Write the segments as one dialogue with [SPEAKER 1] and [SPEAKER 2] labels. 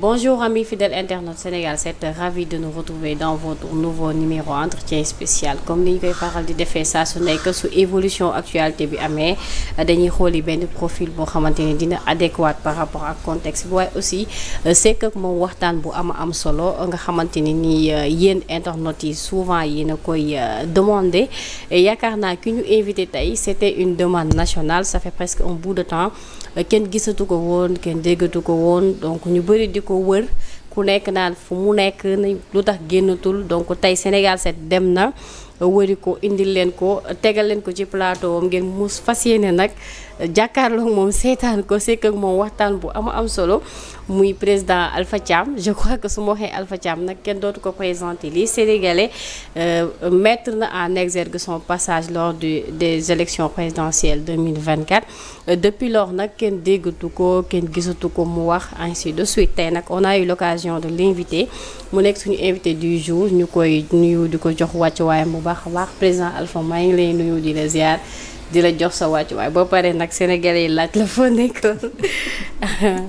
[SPEAKER 1] Bonjour amis fidèles internautes Sénégal 7 ravi de nous retrouver dans votre nouveau numéro entretien spécial comme ni ñu koy faral di defee saa su nekk su évolution actualité bi amee dañuy xooli benn profil boo xamante ni dina adéquat par rapport ak contexte bi waaye aussi euh, sekk ak moom waxtaan bu ama am solo nga xamante ni nii euh, yéen internautes yi souvent yéen a koy euh, demandé yaakaar naa ki ñu invité tey c'était une demande nationale ça fait presque un bout de temps kenn gisatu ko woon kenn déggatu ko woon donc ñu bëri di ko wër ku nekk naan fu mu nekk lu tax génnatul donc tey Sénégal set dem na wari ko indil leen ko tegal leen ko ci plateau am ngeen mus fas yéene nag jàkkaarloog moom seetaan ko sekk ak moom waxtaan bu ama am solo muy président Alpha Thiam je crois que su ma waxee Alpha Thiam nag kenn dootu ko présenter lii sénégalais euh, mettre na en exergue son passage lors du des élections présidentielles 2024 euh, depuis lors nag kenn déggatu ko kenn gisatu ko mu wax ainsi de suite tey nag on a eu l'occasion de l'inviter mu nekk suñu invité du jour ñu koy nuyu di ko jox wàcc waayam bu baax baax président Alpha maa ngi lay nuyu di di la jox sa wàccu waaye boo pare nag sénégal yi laaj la foo nekkoon.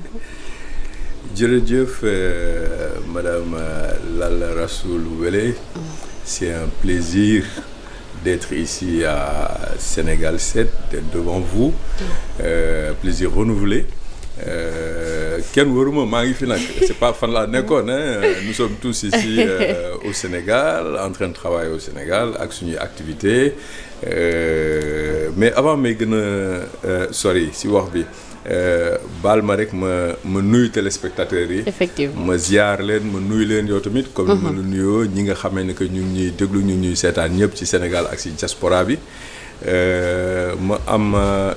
[SPEAKER 2] jërëjëf euh, madame euh, Lalla Rassoul Wele. c'est un plaisir d'être ici à Sénégal 7 devant vous. Euh, plaisir renouvelé. Euh, kenn waruma maa ngi fi nag c'est pas fan laa nekkoon nous sommes tous ici si euh, au Sénégal en train de travailler au Sénégal ak suñuy activité euh, mais avant may gën a euh, sori si wax bi baal ma rek ma ma nuyu téléspectateurs yi. effectivement ma ziar leen ma nuyu leen yow tamit. comme ni mhm. nuyoo ñi nga xamee ne que ñu ngi ñuy déglu ñu ñuy seetaan ñëpp ci Sénégal ak si diaspora bi ma am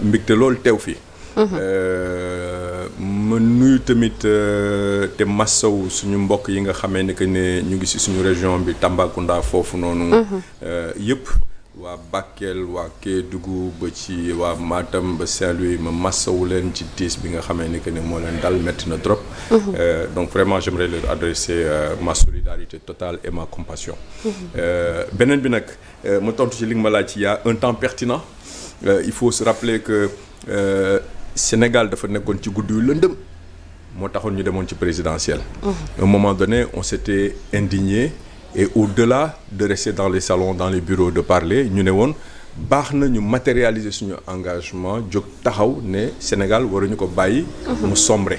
[SPEAKER 2] mbégte loolu teew fii. Euh, ma nuyu tamit euh, te massaw suñu mbokk yi nga xamee ne que ne ñu ngi si suñu région bi Tambacounda foofu noonu. Mhm. Euh, yëpp waa Bakel waa Kédougou ba ci waa Matam ba Saint-Louis ma massawu leen ci tiis bi nga xamee ne que ne moo leen dal métti na trop. Mhm. donc vraiment j'aimerais leur adresser ma solidarité totale et ma compassion. Mhm. beneen bi nag ma tontu ci li nga ci y un temps pertinent il faut se rappeler que. Sénégal dafa nekkoon ci guddi yu lëndëm moo taxoon ñu demoon ci présidentielle. Mhm. à un moment donné on s'était indigné et au-delà de rester dans les salons dans les bureaux de parler ñu ne woon baax na ñu matérialiser suñu engagement jóg taxaw ne Sénégal ñu ko bàyyi. Mhm. mu sombre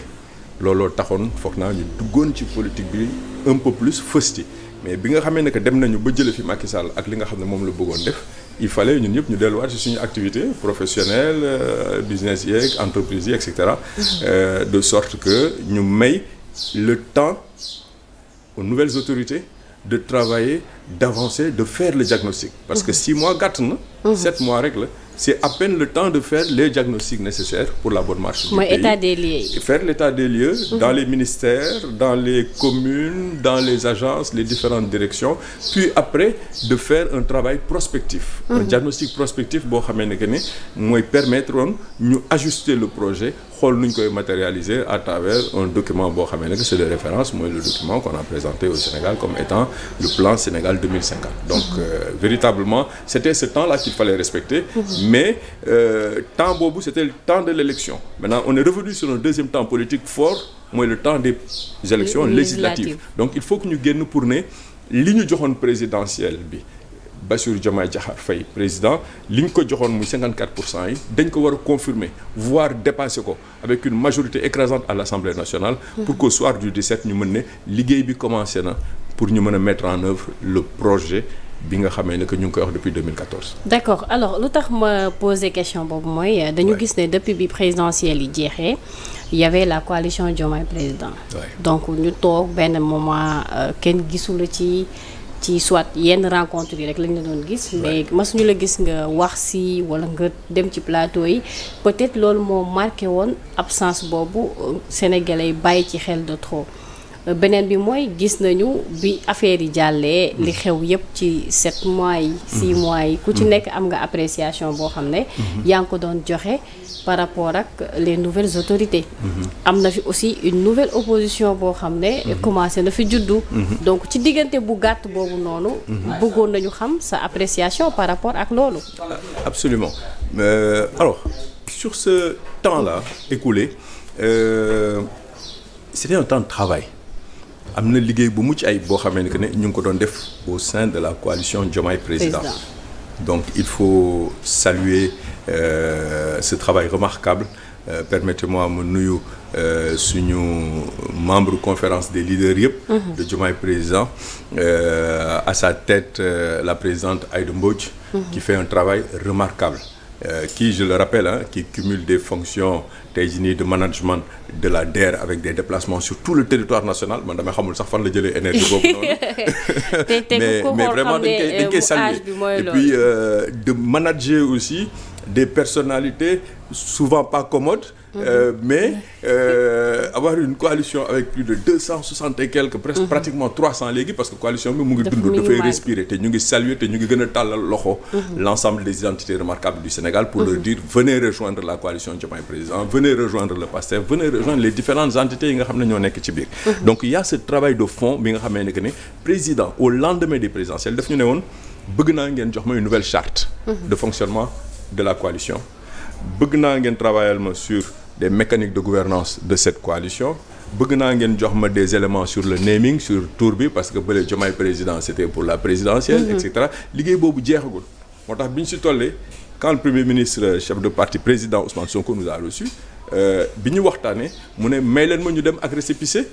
[SPEAKER 2] looloo taxoon foog naa ñu duggoon ci politique bi un peu plus fësti mais bi nga xamee ne que dem nañu ba jële fi Macky Sall ak li nga xam ne moom la bëggoon def il fallait ñun ñëpp ñu delluwaat ci suñu activité professionnelle euh, business yeeg entreprise yi et mm-hmm. euh, de sorte que ñu may le temps aux nouvelles autorités de travailler d'avancer de faire le diagnostic parce que mm-hmm. six mois gàtt na mm-hmm. sept mois rek la c'est à peine le temps de faire les diagnostics nécessaires pour la bonne marche du pays. mooy état des lieux yi. faire l'état des lieux. Mhm. dans les ministères dans les communes dans les agences les différentes directions puis après de faire un travail prospectif. Mm -hmm. un mhm. diagnostic prospectif boo xamee ne que ne mooy permettre ñu ajuster le projet. xool nuñ koy matérialiser à travers un document boo xamee ne que c'est de référence mooy le document qu'on a présenté au Sénégal comme étant le plan Sénégal 2050 donc euh, véritablement c'était ce temps-là qu'il fallait respecter mhm. mais euh, temps boobu c'était le temps de l'élection maintenant on est revenu sur un deuxième temps politique fort mooy le temps des élections législatives donc il faut que ñu génn pour ne li ñu joxoon présidentielle bi Bassirou Diomaye Diakhar Faye président li ñu ko joxoon muy yi dañ ko war a confirmer voire dépasser ko avec une majorité écrasante à l'Assemblée nationale pour qu'au soir du ñu mën ne liggéey bi commencé na pour ñu mën a mettre en œuvre le projet bi nga xamee ne ñu ngi koy wax depuis
[SPEAKER 1] d'accord alors lu tax ma poser question boobu mooy. Euh, dañu gis ne depuis bi présidentielle yi jeexee y la coalition Diomaye président. donc ñu toog benn moment euh, kenn gisu ci. ci soit yenn rencontre yi rek lañ la doon gis. mais ma masuñu la gis nga wax si wala nga dem ci plateau yi peut-être loolu moo marqué woon absence boobu euh, sénégalais yi bàyyi ci xel de trop. beneen bi mooy gis nañu bi affaire yi jàllee mm. li xew yëpp ci sept mois yi mm. six mois yi ku ci mm. nekk am nga appréciation boo xam ne mm-hmm. yaa ngi ko doon joxe par rapport ak les nouvelles autorités mm-hmm. am na fi aussi une nouvelle opposition boo xam ne mm-hmm. commencé na fi juddu donc ci diggante bu gàtt boobu noonu bëggoon nañu xam sa appréciation par rapport ak loolu
[SPEAKER 2] absolument euh, alors sur ce temps-là écoulé euh, c'était un temps de travail am na liggéey bu mucc ay boo xamee ne ne ñu ngi ko doon def au sein de la coalition Diomaye président donc il faut saluer euh, ce travail remarquable euh, permettez-moi mu nuyu euh, suñu membre conférence des leaders yëpp mm-hmm. de Diomaye président euh, à sa tête la présidente Aïda Mbodj mm-hmm. qui fait un travail remarquable qui je le rappelle qui cumule des fonctions tey jii nii de management de la DER avec des déplacements sur tout le territoire national man damay xamul sax fan la jëlee énergie boobu noonu.
[SPEAKER 1] mais mais vraiment dañ koy euh, dañ koy saluer et puis
[SPEAKER 2] euh, de manager aussi des personnalités souvent pas commodes. Mhm. Euh, mais euh, avoir une coalition avec plus de deux cent soixante et quelques presque mhm. pratiquement léegi parce que coalition bi mu ngi dund dafay respirer te ñu ngi saluer te ñu ngi gën tàllal loxo mhm. l'ensemble des identités remarquables du Sénégal pour leur dire venez rejoindre la coalition Diomaye Président venez rejoindre le PASTEF venez rejoindre les différentes entités yi nga xam ne ñoo nekk ci biir donc il a ce travail de fond bi nga xamee ne que ne président au lendemain des présidentielles naa ngeen jox ma une nouvelle des mécaniques de gouvernance de cette coalition bëgg naa ngeen jox ma des éléments sur le naming sur tour bi parce que bële Diomaye président c'était pour la présidentielle mm-hmm. et cetera liggéey boobu jeexagul moo tax bi ñu si tollee quand le premier ministre chef de parti président Ousmane Sonko nous a reçu euh, bi ñu waxtaanee mu ne may leen ma ñu dem ak récépissé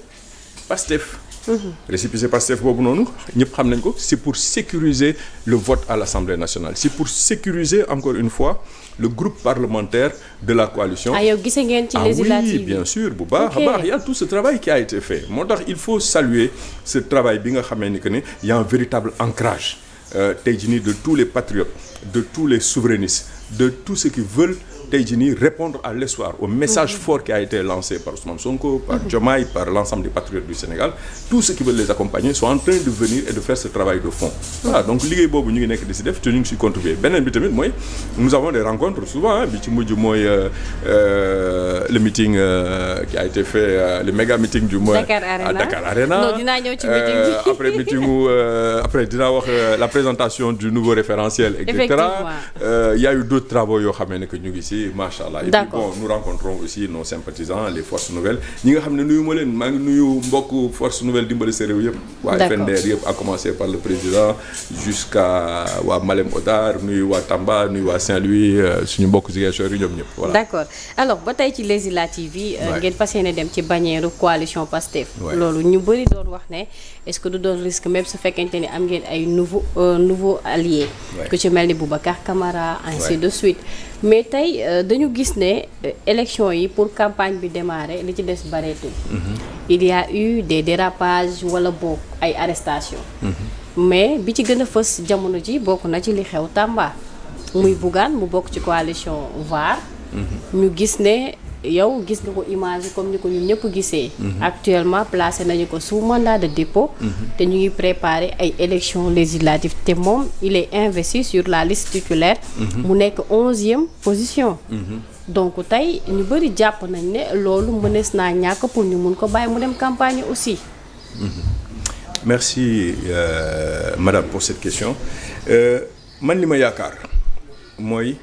[SPEAKER 2] Pastef Mm-hmm. récépissé Pastef boobu noonu ñëpp xam nañ ko c'est pour sécuriser le vote à l'Assemblée nationale c'est pour sécuriser encore une fois le groupe parlementaire de la coalition ah yow
[SPEAKER 1] gise ngeen ci ah législative oui
[SPEAKER 2] bien sûr bu baax a baax y a tout ce travail qui a été fait moo tax il faut saluer ce travail bi nga xamee ni que ne y a un véritable ancrage euh, tey jii nii de tous les patriotes de tous les souverainistes de tous ceux qui veulent tey jii nii répondre à l'espoir au message fort qui a été lancé par Ousmane Sonko par Diomaye par l'ensemble des patriotes du Sénégal tous ceux qui veulent les accompagner sont en train de venir et de faire ce travail de fond voilà donc liggéey boobu ñu ngi nekk di si def te ñu ngi si contribuer beneen bi tamit mooy nous avons des rencontres souvent bi ci mujj mooy euh, euh, le meeting euh, qui a été fait euh, le méga meeting du mois à Dakar Arena non dinaa euh, après meeting où, après dinaa wax la présentation du nouveau référentiel et cetera xam ne ñu ngi si bi macha allah. d' accord et puis bon nous rencontrons aussi nos sympathisants les forces nouvelles ñi nga xam ne nuyu ma leen maa ngi nuyu mbokk force nouvelle dimbali sa réew yëpp. d' accord waa FNDR commencer par le président jusqu'à waa Malem Odar nuyu waa Tamba nuyu waa Saint-Louis euh, suñu mbokk Ziguinchor yi ñoom ñëpp voilà. d'
[SPEAKER 1] accord ba tey ci législative yi. Euh, ngeen fas yéene dem ci bannière coalition Pastef. loolu ñu bëri doon wax ne est ce que du doon risque même su fekkente mais tey euh, dañu gis ne euh, élection yi pour campagne bi démarrer li ci des bareetul. Mhm. il y a eu des dérapages wala bokk ay arrestation mhm. mais bi ci gën a fës jamono ji bokk na ci li xew Tamba. muy Bougane mu bokk ci coalition VAR. Mhm. ñu gis ne yow gis nga ko image comme ni ko ñun ñëpp gisee. Mhm. actuellement placé nañu ko sous mandat de dépôt. Mhm. te ñu ngi préparer ay élections législatives te moom il est investi sur la liste titulaire. Mhm. mu nekk onzième position. donc tey ñu bëri jàpp nañ ne loolu mënees naa ñàkk pour ñu mun ko bàyyi mu dem campagne aussi.
[SPEAKER 2] merci euh, madame euh, man li ma yaakaar mooy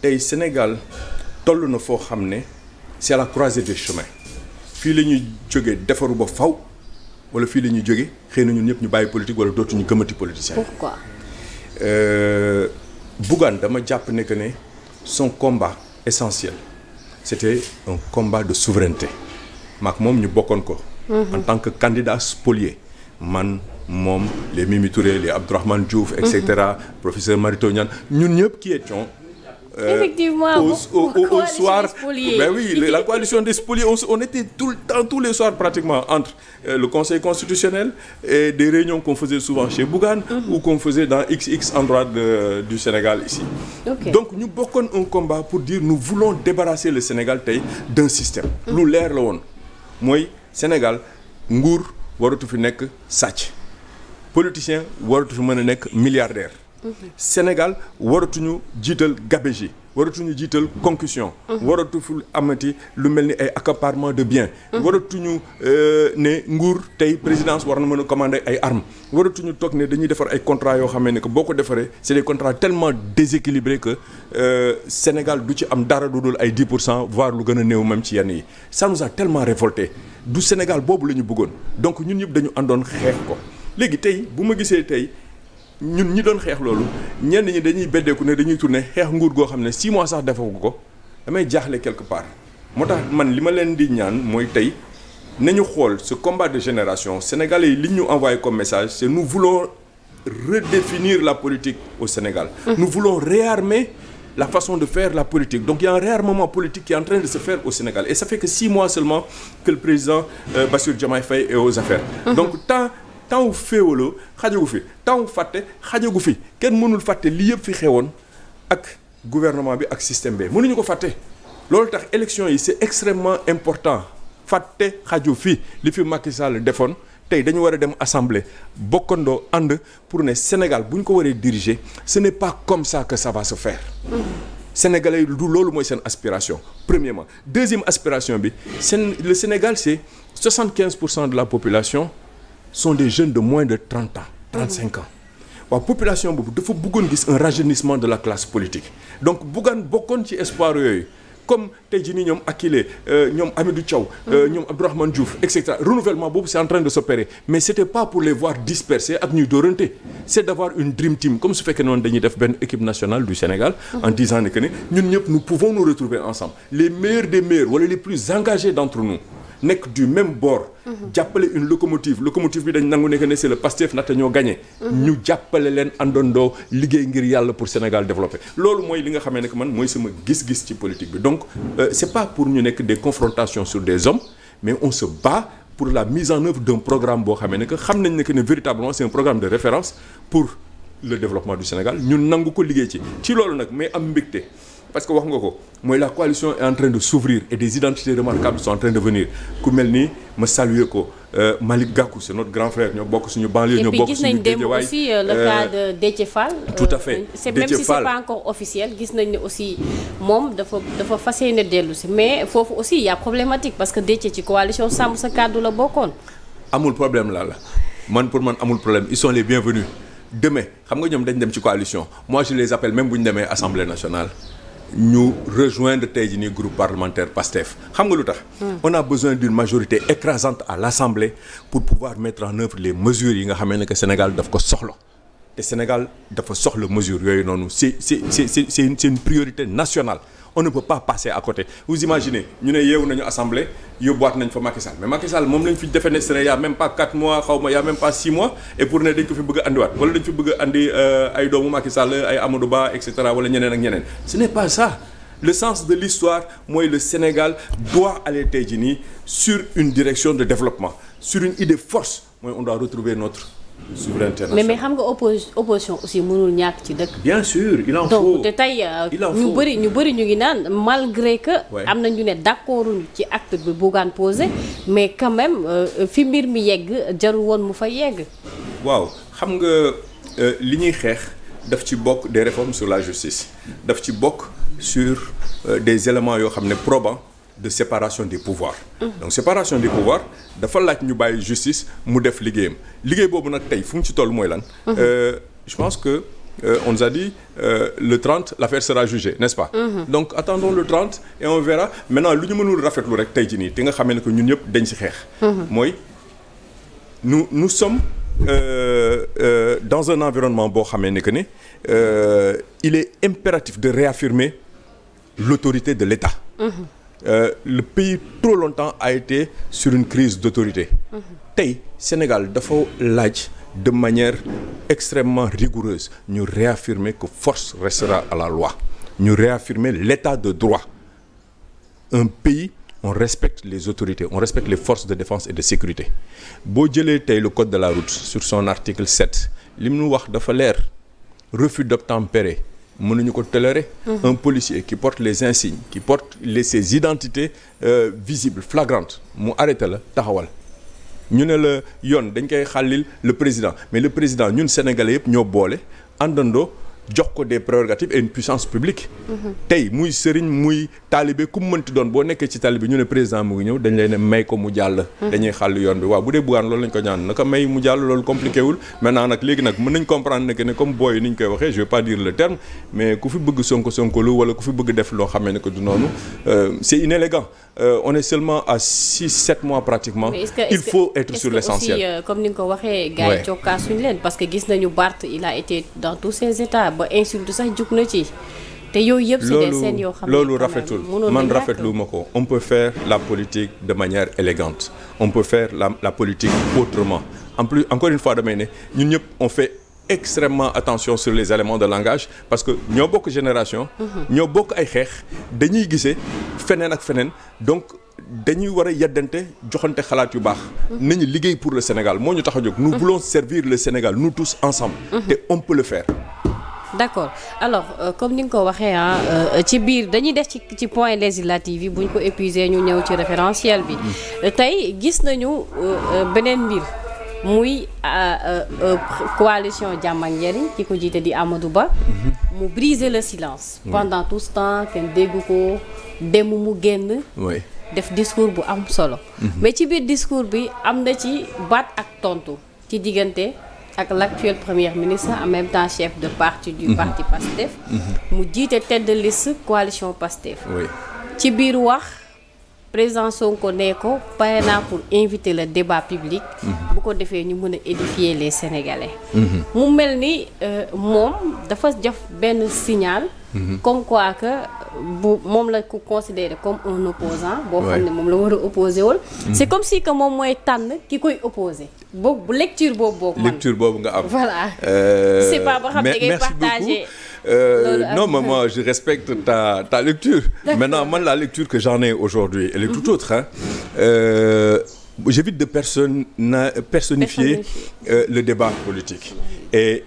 [SPEAKER 2] tey Sénégal toll na foo xam ne. c'est à la croisée des chemins fii la ñuy jógee defaru ba faw wala fii la ñuy jógee xëy na ñun ñëpp ñu bàyyi politique wala dootuñu gëmati politicien pourquoi euh, Bougane dama jàpp ne que ne son combat essentiel c'était un combat de souveraineté maak moom ñu bokkoon ko mhm. en tant que candidat spolié man moom les Mimi Touré les Abdourahmane Diouf etc mhm. professeur Mary Teuw Niane ñun ñëpp qui étions Euh,
[SPEAKER 1] effectivement au au soir ben
[SPEAKER 2] la coalition des spoliés on était tout le temps tous les soirs pratiquement entre euh, le conseil constitutionnel et des réunions qu'on faisait souvent chez Bougane mhm. ou qu'on faisait dans xx endroits du Sénégal ici donc ñu bokkoon un combat pour dire nous voulons débarrasser le Sénégal tey d'un système mhm. lu leer la woon mooy Sénégal nguur waratu fi nekk sàcc politicien waratu fi mën a nekk milliardaire Sénégal waratuñu jiital gabegie waratuñu jiital concussion waratu fu amati lu mel ni ay accaparement de biens waratuñu euh, ne nguur tey présidence war na mën a commander ay armes waratuñu toog ne dañuy defar ay contrats yoo xamee ne que boo ko defaree c'est des contrats tellement déséquilibrés que euh, Sénégal du ci am dara du dul ay 10 pour cent voire lu gën a néew mam ci yenn yi ça nous a tellement révolté du Sénégal boobu la ñu bëggoon donc ñun ñëpp dañu àndoon ñun ñi doon xeex loolu ñenn ñi dañuy beddeeku ne dañuy tourner xeex nguur goo xam ne six mois sax defagu ko damay jaaxle quelque part moo tax man li ma leen di ñaan mooy tey nañu xool ce combat de génération sénégal yi li ñu envoyé comme message c'est nous voulons redéfinir la politique au Sénégal mmh. nous voulons réarmer la façon de faire la politique donc il y a un réarmement politique qui est en train de se faire au Sénégal et ça fait que six mois seulement que le président euh, temps féewaloo xajagu fi temps fàtte xajagu fi kenn mënul fàtte lii yëpp fi xewoon ak gouvernement bi ak système bi mënuñu ko fàtte loolu tax élection yi c'est extrêmement important fàtte xaju fi li fi Macky defoon tey dañu war a dem assemblée bokkandoo ànd pour ne Sénégal bu ñu ko waree diriger ce n'est pas comme ça que ça va se du loolu mooy seen aspiration premièrement deuxième aspiration bi seen le Sénégal c'est 75 pour cent de la population sont des jeunes de moins de trente ans trente cinq ans waaw population boobu dafa bëggoon gis un rajeunissement de la classe politique donc buggaan bokkoon ci espoir yooyu comme tey jii nii ñoom Akile euh, ñoom Hamidou Thiaw. Euh, mm-hmm. ñoom Abdourahmane Diouf et cetera renouvellement boobu c'est en train de s'opérer mais c'était pas pour les voir dispersés ak ñuy dóorante c'est d'avoir une dream team comme su fekkee noonu dañuy def benn équipe nationale du Sénégal. Mm-hmm. en disant que ne ñun ñëpp nous wala les plus engagés d'entre nekk du même bord. Mhm. jàppale une locomotive locomotive bi dañ nangu ne que ne c'est le Pastef ndaxte ñoo gagné. Mhm. ñu jàppale leen àndandoo liggéey ngir yàlla pour Sénégal développé loolu mooy li nga xamee ne que man mooy sama gis-gis ci politique bi donc euh, c'est pas pour ñu nekk des confrontations sur des hommes mais on se bat pour la mise en œuvre d'un programme boo xamee ne que xam nañ ne que ne véritablement c'est un programme de référence pour le développement du Sénégal ñun nangu ko liggéey ci ci loolu nag mais am mbégte. parce que wax nga ko mooy la coalition est en train de s'ouvrir et des identités remarquables sont en train de venir ku mel ni ma saluer ko euh, Malick Gakou c'est notre grand frère ñoo bokk suñu banlieue ñoo bokk suñu géejawaay et puis gis nañ dem aussi euh, le euh, cas
[SPEAKER 1] de Déthié Fall. gis nañ ne aussi moom dafa dafa fas yéene dellu si mais foofu aussi y a problématique parce que Déthié ci coalition Sàmm sa kàddu la bokkoon.
[SPEAKER 2] amul problème laa la man pour man amul problème ils sont les bienvenus nga ñoom dañ dem ci coalition moi je les appelle bu ñu demee assemblée nationale. ñu rejoindre tey jii nii groupe parlementaire PASTEF xam nga lu tax. Hmm. on a besoin d'une majorité écrasante à l'Assemblée pour pouvoir mettre en œuvre les mesures yi nga xamee ne que Sénégal daf ko soxla te Sénégal dafa soxla mesure yooyu noonu c'est c'est c'est c'est une priorité nationale. on ne peut pas passer à côté vous imaginez ñu ne yeewu nañu assemblée yóbbuwaat nañ fa Macky Sall mais Macky Sall moom lañ fi défenestré y a même pas 4 mois xaw ma y a même pas 6 mois et pour ne dañ ko fi bëgg a andiwaat wala dañ fi bëgg a euh, ay doomu Macky Sall ay Amadou Ba et cetera wala ñeneen ak ñeneen ce n'est pas ça le sens de l'histoire mooy le Sénégal doit aller tey jii nii sur une direction de développement sur une idée force mooy on doit retrouver souveraineté nationale mais mais
[SPEAKER 1] xam nga opposition aussi mënul ñàkk ci dëkk.
[SPEAKER 2] bien sûr il en faut donc te
[SPEAKER 1] tey euh, ñu bëri ñu bëri ñu ngi naan malgré que. am na ñu ne d'accord ci acte bi Bougane posé mais quand même euh, fi mbir mi yegg jarul woon mu fa yegg.
[SPEAKER 2] waaw xam nga euh, li ñuy xeex daf ci bokk des réformes sur la justice daf ci bokk sur des éléments yoo xam ne probants. de séparation des pouvoirs. donc séparation des dafa laaj ñu bàyyi justice mu def liggéeyam liggéey boobu nag tey fu mu ci toll mooy lan. Mhm. Euh, je pense que euh, on nous a dit euh, le trente l'affaire sera jugée n'est-ce pas. Mhm. donc attendons le 30 et on verra maintenant lu ñu mënul rafetlu rek tey jii nii te nga xamee ne que ñun ñëpp dañ ci xeex. Mhm. mooy nous nous sommes. Euh, euh, dans un environnement boo xamee ni que ni il est impératif de réaffirmer l'autorité de l'État. euh, le pays trop longtemps a été sur une crise d'autorité tey Sénégal dafa laaj de manière extrêmement rigoureuse ñu réaffirmer que force restera à la loi ñu réaffirmer l'état de droit un pays on respecte les autorités on respecte les forces de défense et de sécurité boo jëlee tey le code de la route sur son article 7 li mu wax dafa leer refus d'obtempérer mënuñu ko tolérer un policier qui porte les insignes ki porte les ses identités euh, visibles flagrantes mu arrêté la taxawal ñu ne la yoon dañ koy xalil le président mais le président ñun sénégale yëpp ñoo boole àndandoo jox ko des prérogatives et une puissance publique. tey muy sëriñ muy taalibe ku mënti doon boo nekkee ci taalibe ñu ne président mu ngi ñëw dañ lay ne may ko mu jàll. dañuy xàll yoon bi waaw bu dee bugaan loolu lañ ko ñaan naka may mu jàll loolu compliqué wul. maintenant nag léegi nag mën nañ comprendre ne que comme booy ni ñu koy waxee je vais pas dire le terme mais ku fi bëgg sonko sonkolu wala ku fi bëgg def loo xamee ne du noonu euh, c' euh, est
[SPEAKER 1] ba insulte sax jug na ci te yooyu yëpp c'est des scènes yoo xam ne loolu rafetul man rafetlu
[SPEAKER 2] ma ko on peut faire la politique de manière élégante on peut faire la la politique autrement en plus encore une fois damay ne ñun ñëpp on fait extrêmement attention sur les éléments de langage parce que ñoo bokk génération mhm. ñoo bokk ay xeex dañuy gisee feneen ak feneen donc dañuy war a yeddante joxante xalaat yu baax mhm. nañu liggéey pour le Sénégal moo ñu tax a jóg nous mhm. voulons le Sénégal nous tous ensemble te on peut
[SPEAKER 1] d' accord alors euh, comme ni nga ko waxee ah euh, ci biir dañuy def ci ci point législatif yi bu ko épuisé ñu ñëw ci référentiel bi mm. tey gis nañu euh, beneen mbir muy ah, coalition Jàmm ak Njariñ ki ko jiite di Amadou Ba mm-hmm. mu briser le silence pendant tout ce temps kenn déggu ko dem mu génn def discours bu am solo mm-hmm. mais ci biir discours bi am na ci baat ak tontu ci diggante ak l'actuel premier ministre en même temps chef de parti du mhm. parti PASTEF mhm. mu jiite tête de liste coalition PASTEF ci biir wax président ko ne ko pare naa pour invité le débat public mhm. bu ko defee ñu mën a édifier les Sénégalais mu mel ni euh, moom dafa def benn signal Mm-hmm. comme quoi que bu moom la ko considéré comme un opposant boo xam ne moom la war a opposé wul mm-hmm. c'est comme si que moom mooy tànn ki koy opposé boobu lecture boobu boobu
[SPEAKER 2] lecture boobu nga am voilà c'est euh, pas boo xam ne ngay partagé Euh, non mais moi je respecte ta lecture maintenant man la lecture que j'en ai aujourd'hui elle est tout mm-hmm. autre hein euh, j'évite de personne personnifier euh, le débat politique et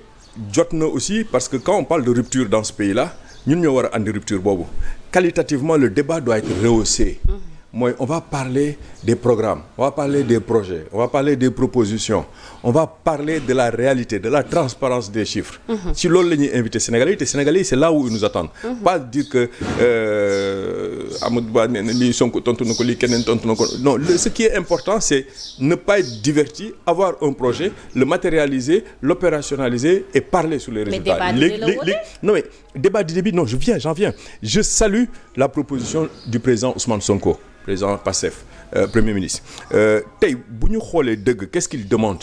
[SPEAKER 2] jot na aussi parce que quand on parle de rupture dans ce pays-là ñun ñoo war a boobu qualitativement le débat doit être rehaussé mm-hmm. mooy on va parler des programmes on va parler des projets on va parler des propositions on va parler de la réalité de la transparence des chiffres mhm. si loolu la ñuy invité Sénégalais yi te Sénégalais yi c'est là où ils nous attendent mhm. pas dire que euh, Amadou Ba nee na lii Sonko tontu na ko lii keneen tontu na ko non ce qui est important c'est ne pas être diverti avoir un projet le matérialiser l'opérationnaliser et parler sur les résultats léegi non mais débat d'idées bi non je viens j'en viens je salue la proposition du président Ousmane Sonko président Pastef Euh, premier ministre euh, tey bu ñu xoolee dëgg qu'est-ce qu'il demande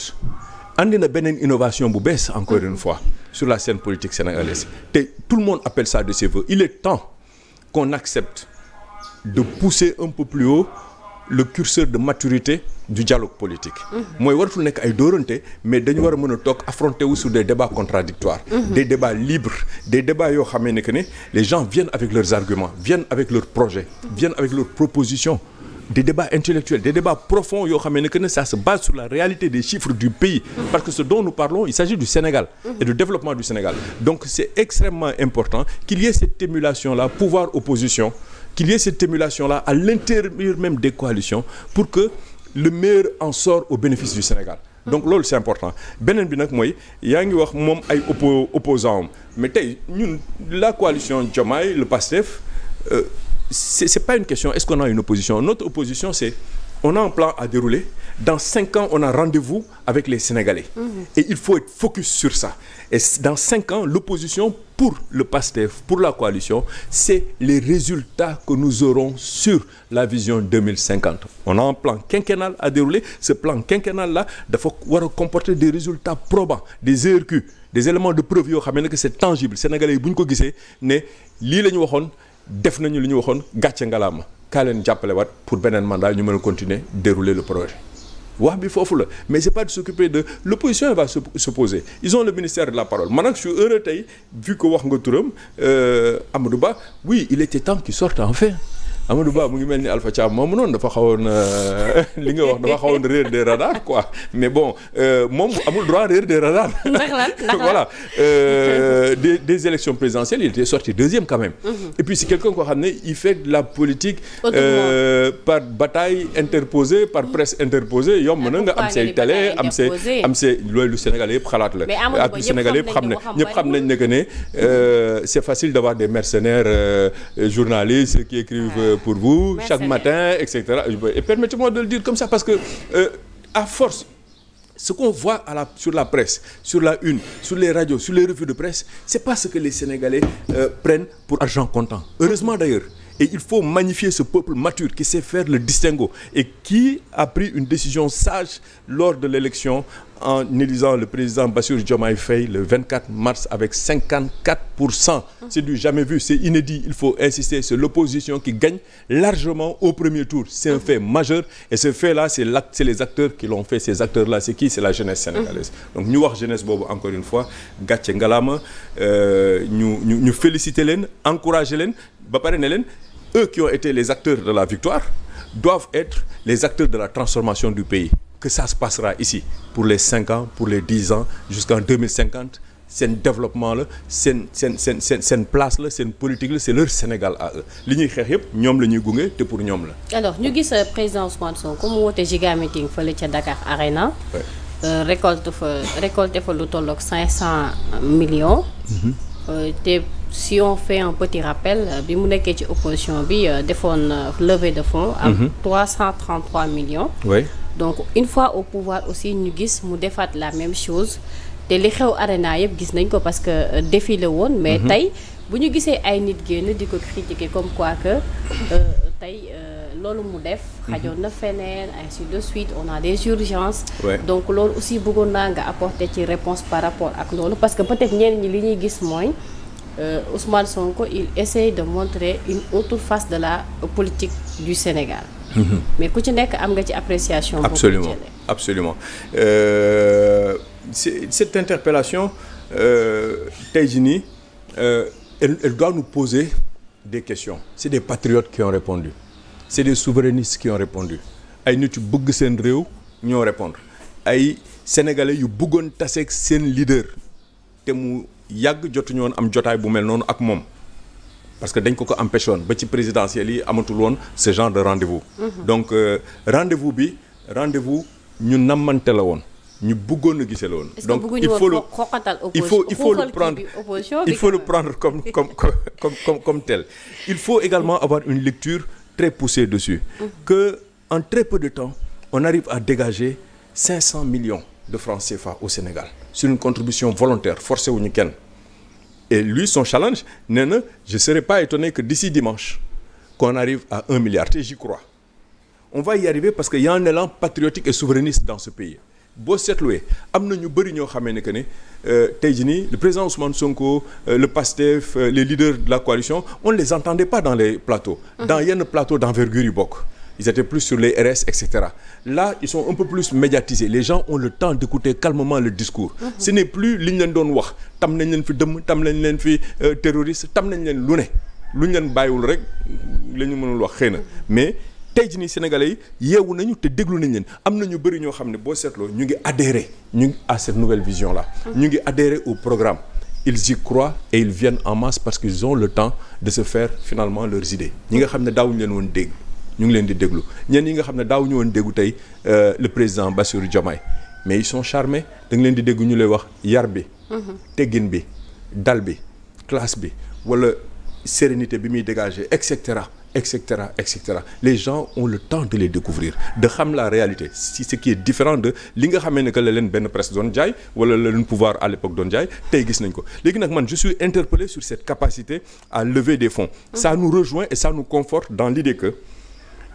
[SPEAKER 2] andi na beneen innovation bu bees encore une fois sur la scène politique sénégalaise te tout le monde appelle ça de ses voeux il est temps qu'on accepte de pousser un peu plus haut le curseur de maturité du dialogue politique mm-hmm. mooy waratul nekk ay dóorante mais dañu war a mën a toog affronter wu sur des débats contradictoires mmh. des débats libres des débats yoo xamee ne que ne les gens viennent avec leurs arguments viennent avec leurs projets mm-hmm. viennent avec leurs des débats intellectuels des débats profonds yoo xamee ne ne ça se base sur la réalité des chiffres du pays mm-hmm. parce que ce dont nous parlons il s'agit du Sénégal mm-hmm. et du développement du Sénégal donc c'est extrêmement important qu'il y ait cette émulation là pouvoir opposition qu'il y ait cette émulation là à l'intérieur même des coalitions pour que le meilleur en sort au bénéfice du Sénégal mm-hmm. donc loolu c'est important beneen bi nag mooy yaa ngi wax moom ay opposant am mais tey ñun la coalition Diomaye le PASTEF euh, c'est c'est pas une question est-ce qu'on a une opposition notre opposition c'est on a un plan à dérouler dans cinq ans on a rendez-vous avec les Sénégalais mhm. et il faut être focus sur ça et dans cinq ans l'opposition pour le PASTEF pour la coalition c'est les résultats que nous aurons sur la vision 2050 on a un plan quinquennal à dérouler ce plan quinquennal là dafa war a comporter des résultats probants des ERQ des éléments de preuve yoo xam ne que c'est tangible Sénégalais bu ñu ko gisee ne lii la ñu waxoon def nañu lu ñu waxoon gàcce ngalaama kaa leen jàppale waat pour beneen mandat ñu mën a continuer dérouler le projet wax bi foofu la mais c'est pas de s'occuper de l'opposition elle va s'opposer ils ont le ministère de la parole man nag je heureux tey vu ko wax nga turam euh, Amadou Ba oui il était temps qu'il sorte enfin Amadou Ba mu ngi mel ni Alpha Thiam moom noonu dafa xawoon euh, li nga wax dafa xawoon réer des radars quoi mais bon euh, moom amul droit réer des radars. voilà euh, des des élections présidentielles il était sorti deuxième quand même. Mm-hmm. et puis c'est quelqu'un koo xam ne il fait de la politique. Euh, par bataille interposée par mm-hmm. presse interposée yomb na nga am say télé am se am say loolu lu Sénégal yëpp xalaat la. mais lu Sénégal yëpp xam ne ñëpp xam nañ ne que ne euh, c'est facile d'avoir des mercenaires euh, journalistes pour vous Merci chaque matin et cetera et permettez-moi de le dire comme ça parce que euh, à force ce qu'on voit à la sur la presse sur la une sur les radios sur les revues de presse c'est pas ce que les Sénégalais euh, prennent pour argent comptant heureusement d'ailleurs Et il faut magnifier ce peuple mature qui sait le distinguo et qui une décision sage lors de l'élection en élisant le président Bassirou Diomaye Faye le 24 mars avec 54%. C'est du jamais vu, c'est inédit, il faut insister, c'est l'opposition qui gagne largement au premier tour. C'est un là c'est c'est les acteurs qui l'ont fait, ces acteurs-là, c'est qui? C'est la jeunesse sénégalaise. Donc ñu wax jeunesse boobu encore une fois gàcce ngalaama euh, ñu ñu féliciter leen encourager leen ba pare ne leen eux qui ont été les acteurs de la victoire doivent être les acteurs de la transformation du pays que ça se passera ici pour les cinq ans pour les dix ans jusqu'en 2050 seen développement la seen seen seen seen seen place la seen politique la c'est leur Sénégal à eux li ñuy xeex yëpp ñoom la ñuy gunge te pour ñoom la.
[SPEAKER 1] alors ñu gis euh, président Ousmane Sonko mu woote giga meeting fële ca Dakar Arena. Euh, récolte fa récolté fa lu tolloog 500 millions. Mm-hmm. Euh, te. si on fait un petit rappel euh, bi mu nekkee ci opposition bi euh, defoon euh, levée de fonds. am mhm. trois cent 333 millions. oui donc une fois au pouvoir aussi ñu gis mu defaat la même chose te li xew arena yëpp gis nañ ko parce que défilé woon. mais mhm. tey bu ñu gisee ay nit génn di ko critiquer comme quoi que tey. loolu mu def mhm. xajoon na feneen ainsi de suite on a des urgences donc loolu aussi bëggoon naa nga apporter ci réponse par rapport ak loolu parce que peut-être ñenn ñi ñuy gis mooy Euh, Ousmane Sonko il essaye de montrer une autre face de la politique du Sénégal. Mhm. mais ku ci nekk am nga ci apréciation appréciation. absolument
[SPEAKER 2] absolument euh, cette interpellation euh, tey jii nii euh, elle elle doit nous poser des questions. c'est des patriotes qui ont répondu. c'est des souverainistes qui ont répondu. ay nit yu bëgg seen réew ñoo répondre ay sénégalais yu bëggoon taseeg seen leader te mu. yàgg jotuñu woon am jotaay bu mel noonu ak moom parce que dañ ko ko empêché woon ba ci présidentielle yi amatul woon ce genre de rendez-vous. Mhm. donc euh, rendez-vous bi rendez-vous ñu nammante la woon. ñu bëggoon gise gisee loolu. donc il faut le
[SPEAKER 1] il faut il faut le prendre il faut le
[SPEAKER 2] prendre comme comme comme comme tel. il faut également avoir une lecture très poussée dessus. Mhm. que en très peu de temps on arrive à dégager 500 millions de francs CFA au Sénégal. sur une contribution volontaire forcé wuñu kenn et lui son challenge nee na je serais pas étonné que d'ici dimanche qu'on arrive à un milliard te j'y crois on va y arriver parce que y a un élan patriotique et souverainiste dans ce pays boo seetluwee am na ñu bëri ñoo xamee ne que ne euh, tey jii nii le président Ousmane Sonko euh, le PASTEF euh, les leaders de la coalition on ne les entendait pas dans les plateaux mmh. dans yenn plateau d'envergure yu bokk ils étaient plus sur les RS là ils sont un peu plus médiatisés les gens ont le temps d'écouter calmement le discours mm -hmm. ce plus li ñu leen doon wax tam nañ leen fi dëmm tam nañ leen fi euh, terroriste tam nañ leen lu ne lu ñu leen bàyyiwul rek la ñu mënul wax xëy na mhm. mais tey jii nii sénégalais yi yeewu nañu te déglu nañ leen am na ñu bëri ñoo xam ne boo seetloo ñu ngi adhéré ñu ngi à cette nouvelle vision là. Mhm. ñu ngi adhéré au programme. ils y croient et ils viennent en masse parce qu'ils ont le temps de se faire ñi nga xam ne daawuñu leen woon dégg. ñu ngi leen di déglu ñenn yi nga xam ne daaw ñu woon déggu tey euh, le président Bassirou Diomaye mais ils sont charmés da leen di dégg ñu lay wax yar bi teggin bi dal bi classe bi wala sérénité bi muy dégager et cetera et cetera et cetera les gens ont le temps de les découvrir de xam la réalité si ce qui est différent de li nga xamee ne que la leen benn presse doon jaay wala la leen pouvoir à l'époque doon jaay tey gis nañ ko léegi nag man je suis interpellé sur cette capacité à lever des fonds mmh. ça nous rejoint et ça nous conforte dans l'idée que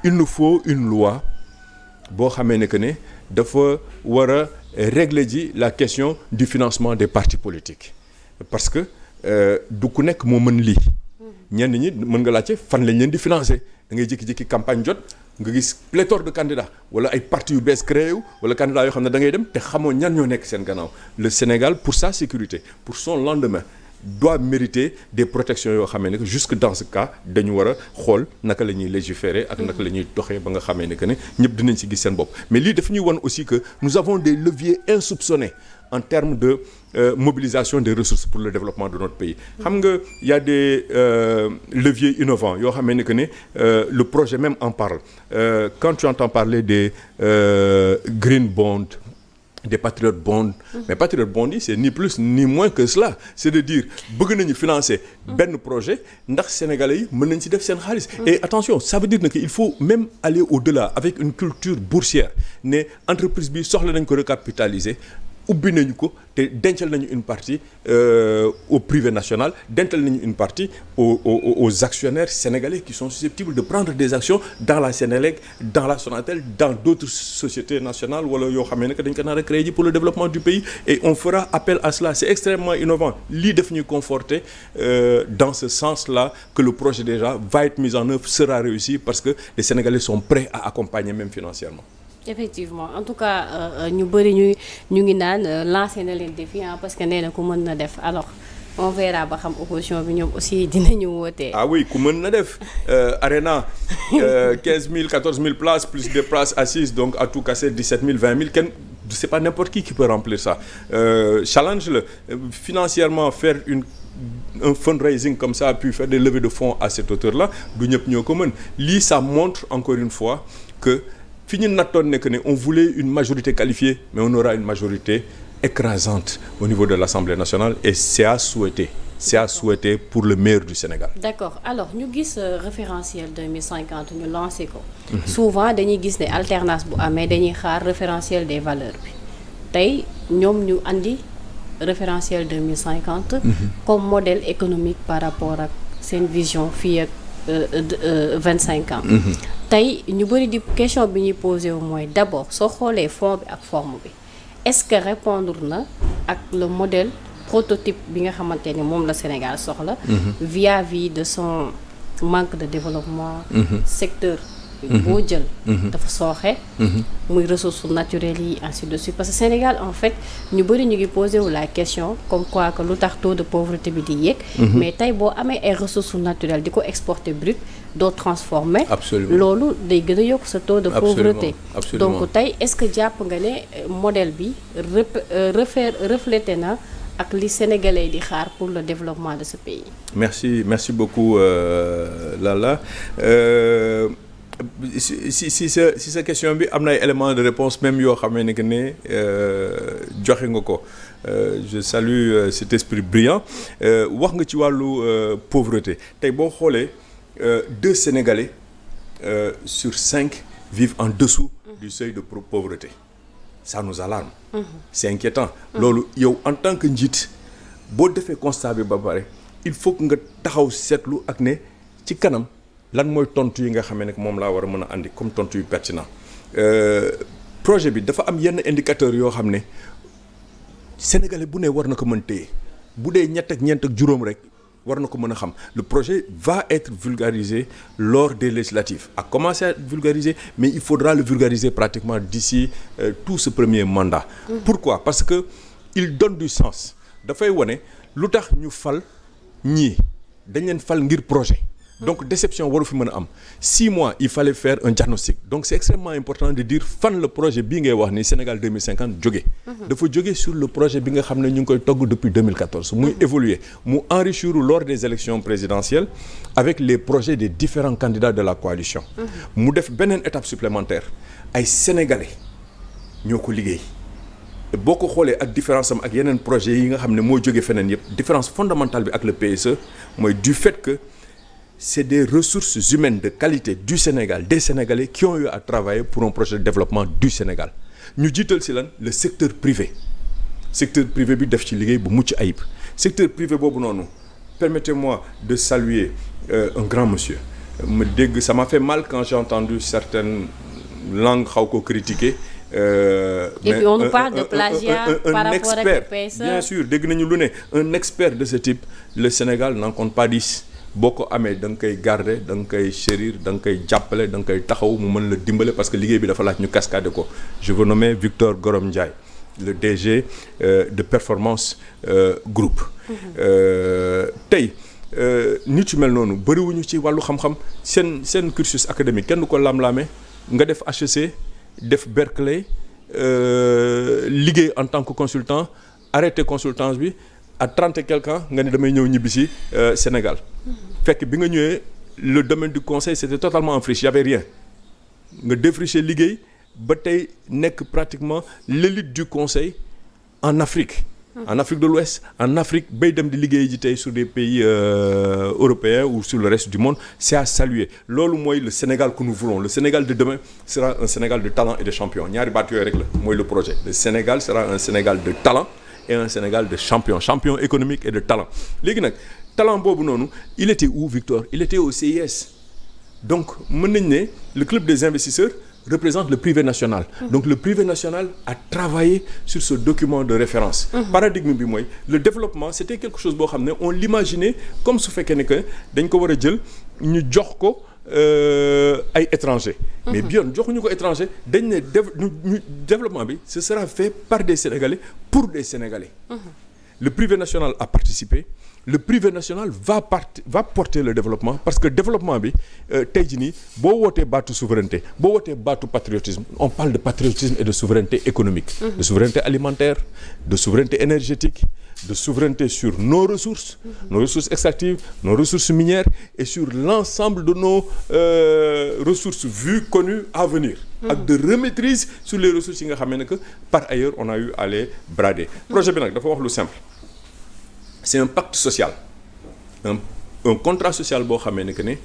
[SPEAKER 2] il nous faut une loi boo xamee ne que ne dafa war a régler ji la question du financement des partis politiques parce que euh, du ku nekk moo mën lii ñenn ñi mën nga laajte fan lañ leen di financer da ngay jëkki jékki campagne jot nga gis pléthore de candidats wala ay partis yu bees créé wu wala candidats yoo xam ne da ngay dem te xamoon ñan ñoo nekk seen gannaaw le Sénégal pour sa sécurité pour son lendemain doit mériter des protections yoo xamee ne que jusque dans ce cas dañu war a xool naka la ñuy légiférer ak naka la ñuy doxee ba nga xamee ne que ne ñëpp dinañ ci gis seen bopp mais li daf ñuy wan aussi que nous avons des leviers insoupçonnés en termes de euh, mobilisation des ressources pour le développement de notre pays xam nga y a des euh, leviers innovants yoo xamee ne que ne euh, le projet même en parle euh, quand tu entends parler des euh, green des patriotes bonds mais patriotes bonds yi c'est ni plus ni moins que cela c'est de dire bëgg nañu financer benn projet ndax sénégalais yi mën nañ ci def seen xaalis et attention ça veut dire que il faut même aller au-delà avec une culture boursière ne entreprise bi soxla nañ ko recapitaliser ubbi nañu ko te dencal nañu une partie euh, au privé national dencal nañu une partie aux, aux aux actionnaires sénégalais qui sont susceptibles de prendre des actions dans la Sénélec dans la Sonatel dans d'autres sociétés nationales wala yoo xam ne que dañ ko nar a créer ji pour le développement du pays et on fera appel à cela c'est extrêmement innovant lii daf ñuy conforter euh, dans ce sens-là que le projet déjà va être mis en œuvre sera réussi parce que les Sénégalais sont à accompagner même
[SPEAKER 1] effectivement en tout cas euh, euh, ñu bëri ñu ñu ngi naan euh, lancé na leen défi parce que nee na ku mën na def alors on verra ba xam opposition bi ñoom aussi dinañu wootee. ah
[SPEAKER 2] oui ku mën na def arena quinze mille quatorze mille places plus des places assises donc à tout casser dix sept mille vingt mille kenn. c'est pas n'importe qui qui peut remplir ça euh, challenge la financièrement faire une un fundraising comme ça puis faire des levées de fonds à cette hauteur là du ñëpp ñoo ko mën lii ça montre enco fois fi ñu nattoon ne que ne on voulait une majorité qualifiée mais on aura une majorité écrasante au niveau de l'Assemblée nationale et c'est à souhaiter c'est à souhaiter pour le meilleur du Sénégal.
[SPEAKER 1] d'accord alors ñu gis euh, référentiel 2050 ñu lancé ko. Mhm. souvent dañuy gis ne alternance bu amee dañuy xaar référentiel des valeurs bi tey ñoom ñu andi référentiel 2050. Mhm. comme modèle économique par rapport ak seen vision fii ak. Euh, euh, euh, vingt cinq ans. Mhm. tey ñu bëri di question bi ñuy posé wu mooy d' abord soo xoolee fond bi ak forme bi est ce que répondre na ak le modèle prototype bi nga xamante ne moom la Sénégal soxla. Mhm. vis à de son manque de développement. Mhm. secteur. boo mhm. jël mhm. dafa sooxe mhm. muy ressources naturelles yi ainsi de suite parce que Sénégal en fait ñu bëri ñu ngi posé wu la question comme quoi que lu tax taux de pauvreté bi di yéeg mais tey boo amee ay ressources naturelles di ko exporter brut doo transformer loolu day gën a yokk sa taux de pauvreté Absolument. donc tey est que jàpp nga ne euh, model bi euh, refaire reflété na ak li sénégalais di xaar pour le développement de ce pays
[SPEAKER 2] merci merci beaucoup euh, si si si sa si sa question bi am na ay de réponse même yoo xamee ne que ne euh, joxe nga ko euh, je salue euh, cet esprit brillant wax nga ci wàllu pauvreté tey boo xoolee deux Sénégalais euh, sur cinq vivent en dessous mhm. du seuil de pauvreté ça nous alarme. Mhm. c'est inquiétant. Mhm. loolu yow en tant que njiit boo defee constat ba pare il faut que nga taxaw seetlu ak ne ci kanam. lan mooy tontu yi nga xamee ne moom laa war a mën a andi comme tontu yu pertinent euh, projet bi dafa am yenn indicateurs yoo xam ne sénégalais bu ne war na ko mën téye bu dee ñett ak ñeent ak juróom rek war na ko mën a xam le projet va être vulgarisé lors de législatives a commencé à vulgariser mais il faudra le vulgariser pratiquement di si euh, tout ce premier mandat mmh. pourquoi parce que il donne du sens dafay wone lu tax ñu fal ñii dañ leen fal ngir projet donc déception waru fi mën a am six mois il fallait faire un diagnostic donc c'est extrêmement important de dire fan le projet bi ngay wax ni Sénégal 2050 jóge dafa jóge sur le projet bi nga xam ne ñu ngi koy togg depuis 2014 muy évoluer mu enrichir lors des élections présidentielles avec les projet de différents candidats de la coalition mu def beneen étape supplémentaire ay sénégalais ñoo ko liggéey boo ko xoolee ak différence am ak yeneen projet yi nga xam ne moo jóge feneen yëpp différence fondamentale bi ak le PSE mooy du fait c'est des ressources humaines de qualité du Sénégal des Sénégalais qui ont eu à travailler pour un projet de développement du Sénégal ñu jiital si lan le secteur privé le secteur privé bi def ci liggéey bu mucc ayib secteur privé boobu noonu permettez-moi de saluer euh, un grand monsieur ma dégg ça m'a fait mal quand j'ai entendu certaines langues xaw ko critiquer Euh, et puis on bien sûr dégg nañu lu ne un expert de ce type le Sénégal n'en compte pas dix boo ko amee danga koy garde da nga koy chérir danga koy jàppale danga nga koy taxaw mu mën la dimbale parce que liggéey bi dafa laaj ñu cascade ko je veux nommer Victor Gorom Ndiaye le DG euh, de Performance groupe euh, Group mm-hmm. euh, tey euh, nit yu mel noonu bëriwuñu ci wàllu xam-xam seen seen cursus académique kenn du ko lam-laame nga def HEC def Berkeley liggéey en tant que consultant arrêté consultance bi à trente quelque ans nga ne damay ñëw ñibbi si Sénégal fekk bi nga ñëwee le domaine du conseil c'était totalement en friche y avait rien nga défriché liggéey ba tey nekk pratiquement l'élite du conseil en Afrique en Afrique de l'Ouest en Afrique bay dem di liggéey ji tey sur des pays euh, européens ou sur le reste du monde c'est à saluer loolu mooy le Sénégal que nous voulons le Sénégal de demain sera un Sénégal de talent et de champion ñaari baat yooyu rek la mooy le projet le Sénégal sera un Sénégal de talent de champion champion économique de talent léegi nag talent boobu noonu il était où Victor il était au CIS donc mën nañ ne le club des investisseurs représente le privé national mmh. donc le privé national a travaillé sur ce document de référence mmh. paradigme bi mooy le développement c'était quelque chose boo xam ne on l'imaginait comme su fekkee ne dañ ko war a jël ñu jox ko euh, ay étranger mmh. mais bien joxuñu ko étranger dañ ne ñu développement bi ce sera fait par des Sénégalais pour des Sénégalais le privé national a participé le privé national va part va porter le développement parce que développement bi euh, tey jii nii boo wootee baatu souveraineté boo wootee baatu patriotisme on parle de patriotisme et de souveraineté économique mm de souveraineté alimentaire de souveraineté énergétique de souveraineté sur nos ressources mm -hmm. nos ressources extractives nos ressources minières et sur l'ensemble de nos euh, ressources vues connues à venir mhm. ak mm -hmm. de remaîtrise sur les ressources yi nga xam ne que par ailleurs on a eu à mhm. projet bi nag dafa wax lu simple c'est un pacte social un contrat social boo xamee ne que ne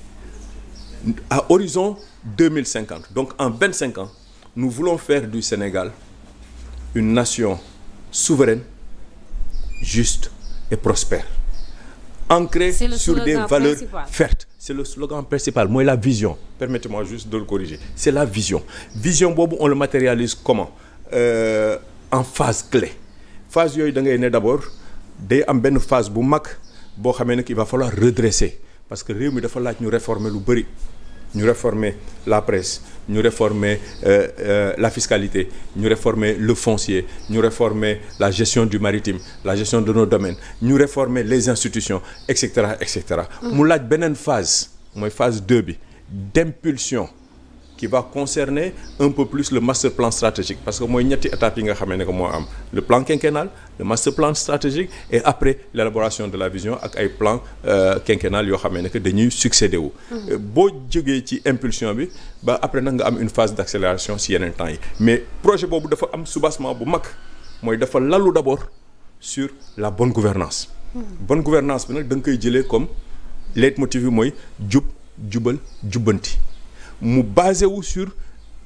[SPEAKER 2] à horizon deux mille cinquante donc en vingt cinq ans nous voulons faire du Sénégal une nation souveraine juste et prospère ancrée sur des valeurs principal. fertes c'est le slogan principal mooy la vision permettez-moi juste de le corriger c'est la vision vision boobu on le matérialise comment euh, en phase clé phase yooyu da ngay ne d'abord day am benn phase bu mag boo xamee ne il va falloir redresser parce que réew mi dafa laaj ñu réformer lu bëri ñu réformer la presse ñu réformer euh, euh, la fiscalité ñu réformer le foncier ñu réformer la gestion du maritime la gestion de nos domaines ñu réformer les institutions et cetera et cetera. Mm. mu laaj beneen phase mooy phase 2 bi d'impulsion. qui va concerner un peu plus le master plan stratégique parce que mooy ñetti étapes yi nga xamee ne que moo am le plan quinquennal le master plan stratégique et après l'élaboration de la vision ak ay plan euh, quinquennal yoo xamee ne que dañuy succédé wu. Mm-hmm. boo jógee ci impulsion bi ba après nag nga am une phase d'accélération si yeneen temps yi mais projet boobu dafa am soubassement bu mag mooy dafa lalu d'abord sur la bonne gouvernance mm-hmm. bonne gouvernance bi nag da nga koy jëlee comme leitmotiv bi mooy jub jubal jubbanti. mu basé wu sur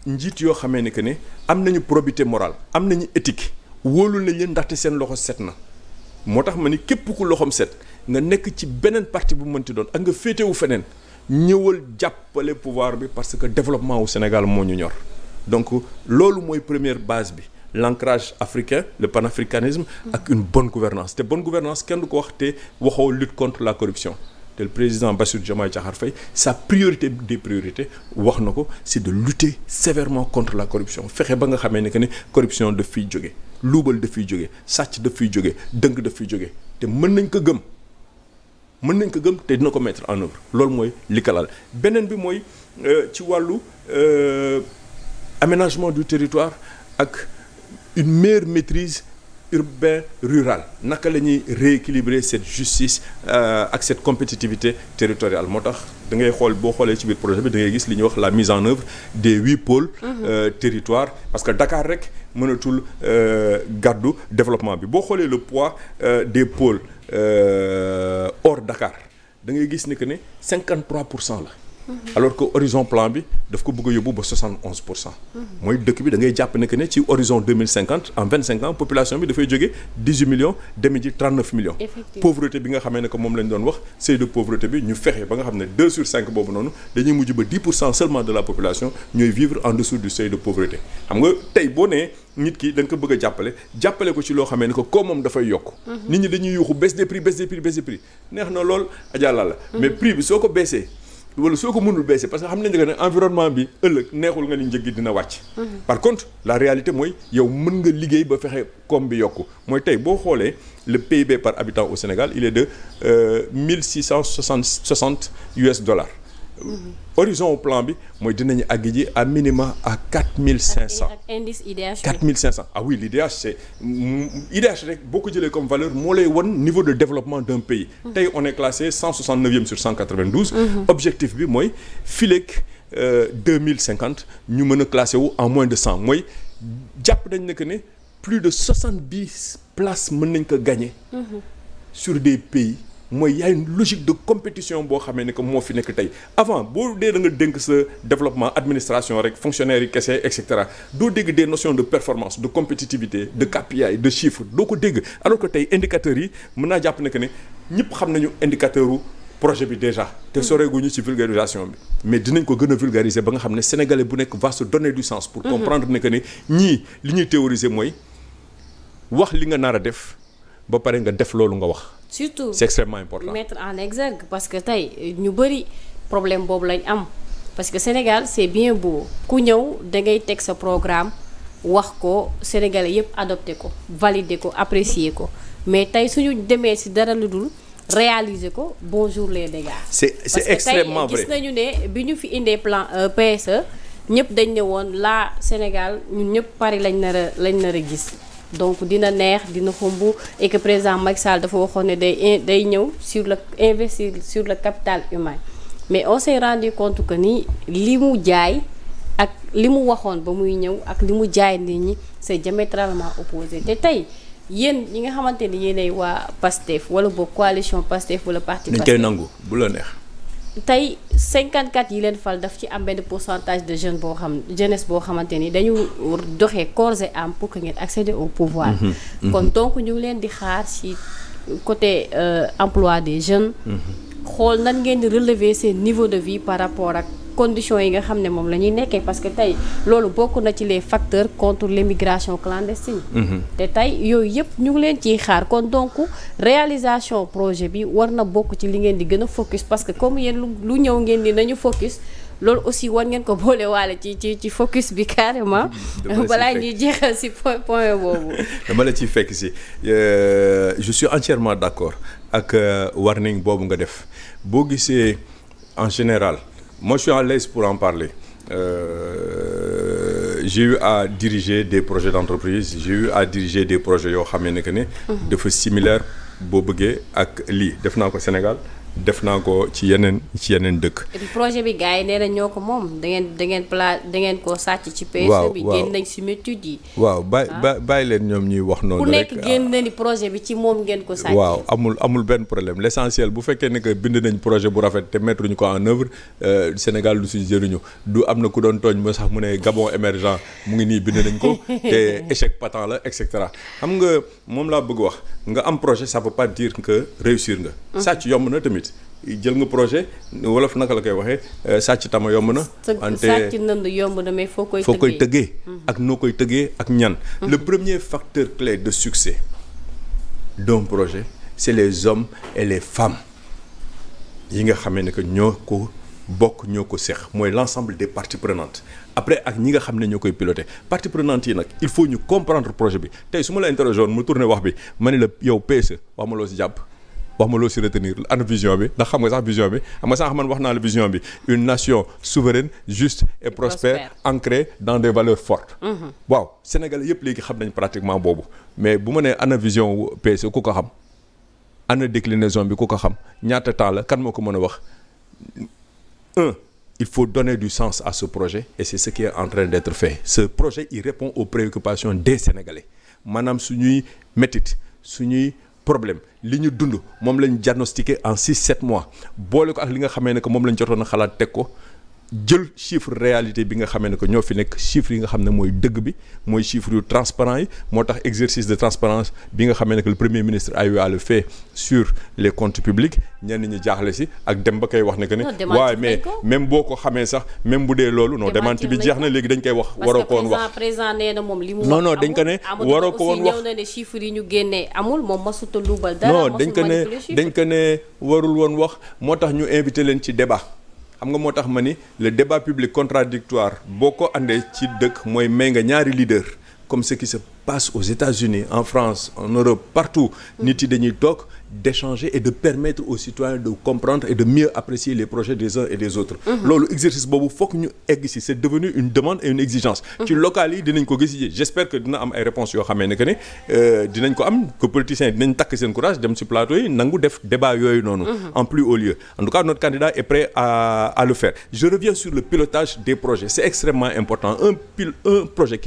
[SPEAKER 2] njiit yoo xamee ne que ne am nañu probité morale am nañu éthique wóolu nañ leen ndaxte seen loxo set na moo tax ma ni képp ku loxoom set nga nekk ci beneen parti bu mënti doon ak nga féetewu feneen ñëwal jàppale pouvoir bi parce que développement u Sénégal moo ñu ñor donc loolu mooy première base bi l'ancrage africain le panafricanisme ak une bonne gouvernance te bonne gouvernance kenn du ko wax te waxoo lutte contre la corruption te président Bassirou Diomaye Diakhar Faye sa priorité des priorités wax na ko c'est de lutter sévèrement contre la corruption fexe ba nga xamee ne que ne corruption daf fiy jóge luubal daf fiy jóge sàcc daf fiy jóge dënk daf fiy jóge te mën nañ ko gëm mën nañ ko gëm te dina ko mettre en œuvre loolu mooy li ko laal beneen bi mooy euh, ci wàllu euh, aménagement du territoire ak une meilleure maîtrise urbain rural naka la ñuy rééquilibrer cette justice euh, ak cette compétitivité territoriale moo tax da ngay xool boo xoolee ci biir projet bi da ngay gis li ñu wax la mise en œuvre de huit pôles mhm. euh, territoire parce que Dakar rek mënatul euh, gàddu développement bi boo xoolee le poids des pôles or Dakar da ngay gis ni que ne 53 pour cent la Mm-hmm. alors que horizon plan bi daf ko bëgg a yóbbu ba 71 pour cent. Mm-hmm. mooy dëkk bi da ngay jàpp ne que ne ci horizon 2050 en 25 ans population bi dafay jógee 18 millions demi ji 39 millions. pauvreté bi nga xamee ne que moom lañ doon wax seuil de pauvreté bi ñu fexe ba nga xam ne 2 sur 5 boobu noonu dañuy mujj ba 10 pour cent seulement de la population ñooy vivre en dessous du seuil de pauvreté xam nga tey boo nee. nit ki da ko bëgg ci loo xamee ne mm-hmm. ko koo moom wala soo ko mënul baissé parce que xam nañ ne environnement bi ëllëg neexul nga ni njëg gi dina wàcc. Mhm. par contre la réalité mooy yow mën nga liggéey ba fexe koom bi yokku mooy tey boo xoolee le PIB par habitant au Sénégal il est de euh, mille six cent soixante soixante US dollars. horizon plan bi mooy dinañu àgg ji à minima à quatre mille cinq cent. ak
[SPEAKER 1] indice quatre
[SPEAKER 2] mille cinq cent ah oui l'IDH c'est mm, IDH rek boo ko jëlee comme valeur moo lay won niveau de développement d'un pays. Mm-hmm. tey on est classé cent soixante neuvième sur cent quatre vingt douze. Mm-hmm. Mm-hmm. objectif bi mooy fileeg euh, deux mille cinquante ñu mën a classé wu en moins de cent mooy jàpp nañ ne que ne plus de soixante dix places mën nañ ko gagner. sur des pays. mooy y a logique de compétition boo xamee ne que moo fi nekk tey avant boo dee da nga dénk sa développement administration rek fonctionnaire yi kese et cetera doo dégg des notions de performance de compétitivité de KPI de chiffre doo ko dégg alors que tey indicateurs yi mën naa jàpp ne que ne ñëpp xam nañu indicateur projet bi déjà te mm. soreeguñu ci vulgarisation bi mais dinañ ko gën a ba nga xam ne sénégalais bu nekk va se donner du sens pour mm-hmm. comprendre ne que ne ñii ñuy théoriser mooy wax li nga nar a def ba pare nga def loolu nga wax surtout c'est extrêmement important mettre
[SPEAKER 1] en exergue parce que tey ñu bëri problème boobu lañ am parce que Sénégal c'est bien beau ku ñëw da ngay teg sa programme wax ko sénégalais yëpp adopté ko validé ko apprécié ko mais tey suñu demee ci dara lu dul réaliser ko bonjour les dégâts.
[SPEAKER 2] c'est c'est extrêmement vrai parce que tey
[SPEAKER 1] gis nañu ne bi ñu fi indee plan euh, PSE ñëpp dañ ne woon laa Sénégal ñun ñëpp Paris lañ nar a lañ nar a gis. donc dina neex dina xumb et que président Macky dafa waxoon ne day day ñëw sur le investir sur le capital humain mais on s'est rendu compte que nii li mu jaay ak li mu waxoon ba muy ñëw ak li mu jaay nit ñi c'est diamétralement opposé te tey yéen ñi nga xamante ni yéenay waa PASTEF wala boog coalition PASTEF wala parti PASTEF dañ koy
[SPEAKER 2] nangu bu la neex.
[SPEAKER 1] tey 54 yi leen fal daf ci am benn pourcentage de jeunes boo xam jeunesse boo xamante ni dañu doxe corps et âme pour que ngeen accéder au pouvoir. Mm-hmm. Mm-hmm. kon donc ñu leen di xaar ci côté euh, emploi des jeunes. Mm-hmm. xool nan ngeen di relever seen niveau de vie par rapport ak. conditions yi nga xam ne moom la ñuy nekkee parce que tey loolu bokk na ci les facteurs contre l'immigration clandestine mhm. te tey yooyu yëpp ñu ngi leen ciy xaar kon donc réalisation projet bi war na bokk ci li ngeen di gën a focus parce que comme yéen lu ñëw ngeen di nañu focus loolu aussi war ngeen ko boole waale ci ci ci focus bi carrément. balaa ñuy jeexal si point point boobu.
[SPEAKER 2] dama la ciy fekk si euh, je suis entièrement d'accord ak war euh, warning boobu nga def boo gisee en général. moi je suis à l'aise pour en parler euh, j'ai eu diriger des projets d'entreprise j'ai eu à diriger des projets yoo xam ne que ne mmh. dafa similaire boo bëggee ak lii def naa ko Sénégal def naa ko ci yeneen ci yeneen dëkk.
[SPEAKER 1] projet bi gars yi nee na ñoo ko moom da ngeen da ngeen pla da ngeen koo sàcc ci. waaw bi génn nañ si méthode yi.
[SPEAKER 2] waaw ah. bàyyi bàyyi leen ñoom ñuy wax noonu. rek ku nekk
[SPEAKER 1] génn projet bi ci moom ngeen ko. sàcc waaw
[SPEAKER 2] amul amul benn problème l' essentiel bu fekkee ne que bind nañ projet bu rafet te ñu ko en œuvre euh, Sénégal du si jëriñu du am na ku doon tooñ moo sax mu ne Gabon émergent mu ngi nii bind nañ ko te échec la et cetera xam nga moom laa bëgg wax nga am projet ça veut pas dire que réussir nga. sàcc yomb na tamit. jël nga projet wolof naka la koy waxee euh, sàcc tama yomb na. wante sàcc
[SPEAKER 1] nënd yomb na mais foo koy. foo koy tëggee mhm.
[SPEAKER 2] ak noo koy tëggee ak ñan. Mhm. le premier facteur clé de succès d'un projet c'est les hommes et les femmes yi nga xamee ne que ñoo ko bokk ñoo ko seq mooy l'ensemble des parties prenantes après ak ñi nga xam ne ñoo koy piloter parties prenantes yi nag il faut ñu comprendre projet bi tey su ma la interroger woon mu tourner wax bi ma ne la yow PSE wax ma loo si jàpp. wax ma loo si retenir ana vision bi ndax xam nga sax vision bi am nga sax man wax naa la vision bi une nation souveraine juste et prospère ancrée dans des valeurs fortes mm-hmm. waaw Sénégal yëpp léegi xam nañ pratiquement boobu mais bu ma nee ana vision wu PS e, ku ko xam ana déclinaison bi ku ko xam ñaata temps la kan moo ko mën a wax un il faut donner du sens à ce projet et c'est ce qui est en train d'être fait ce projet il répond aux préoccupations des s maanaam suñuy métit problème li ñu dund moom lañ diagnostiqué en six sept mois boole ko ak li nga xamee ne que moom lañ jotoon a xalaat teg ko jël chiffre réalité bi nga xamee ne que ñoo fi nekk chiffre yi nga xam ne mooy dëgg bi mooy chiffre yu transparent yi moo tax exercice de transparence bi nga xamee ne que le premier ministre a eu le faire sur les comptes publics ñenn ñi jaaxle si ak dem ba koy wax ne que ne waaye mais même boo ko xamee sax même bu dee loolu non démenti bi jeex na léegi dañ koy wax waroo ko woon wax
[SPEAKER 1] président nee na moom li mu non non dañ ko ne waroo ko woon wax ñëw na ne yi ñu génnee amul moom masuta luubal dara non dañ ko ne dañ
[SPEAKER 2] ko ne warul woon wax moo tax ñu invité leen ci débat xam nga moo tax ma ni le débat public contradictoire boo ko andee ci dëkk mooy may nga ñaari leader comme ce qui passe aux États-Unis en France en Europe partout nit yi dañuy toog d'échanger et de permettre aux citoyens de comprendre et de mieux apprécier les projets des uns et des autres mhm. loolu exercice boobu foog ñu egg si c'est devenu une demande et une exigence mhm. ci local yi dinañ ko gis yi j'espère que dina am ay réponses yoo xamee ne que ne euh, dinañ ko am que politiciens yi dinañ takk seen courage dem si plateau yi nangu def débat yooyu noonu mhm. en plus haut lieu en tout cas notre candidat est prêt à, le faire je reviens sur pilotage des projets c'est extrêmement important un, pil un projet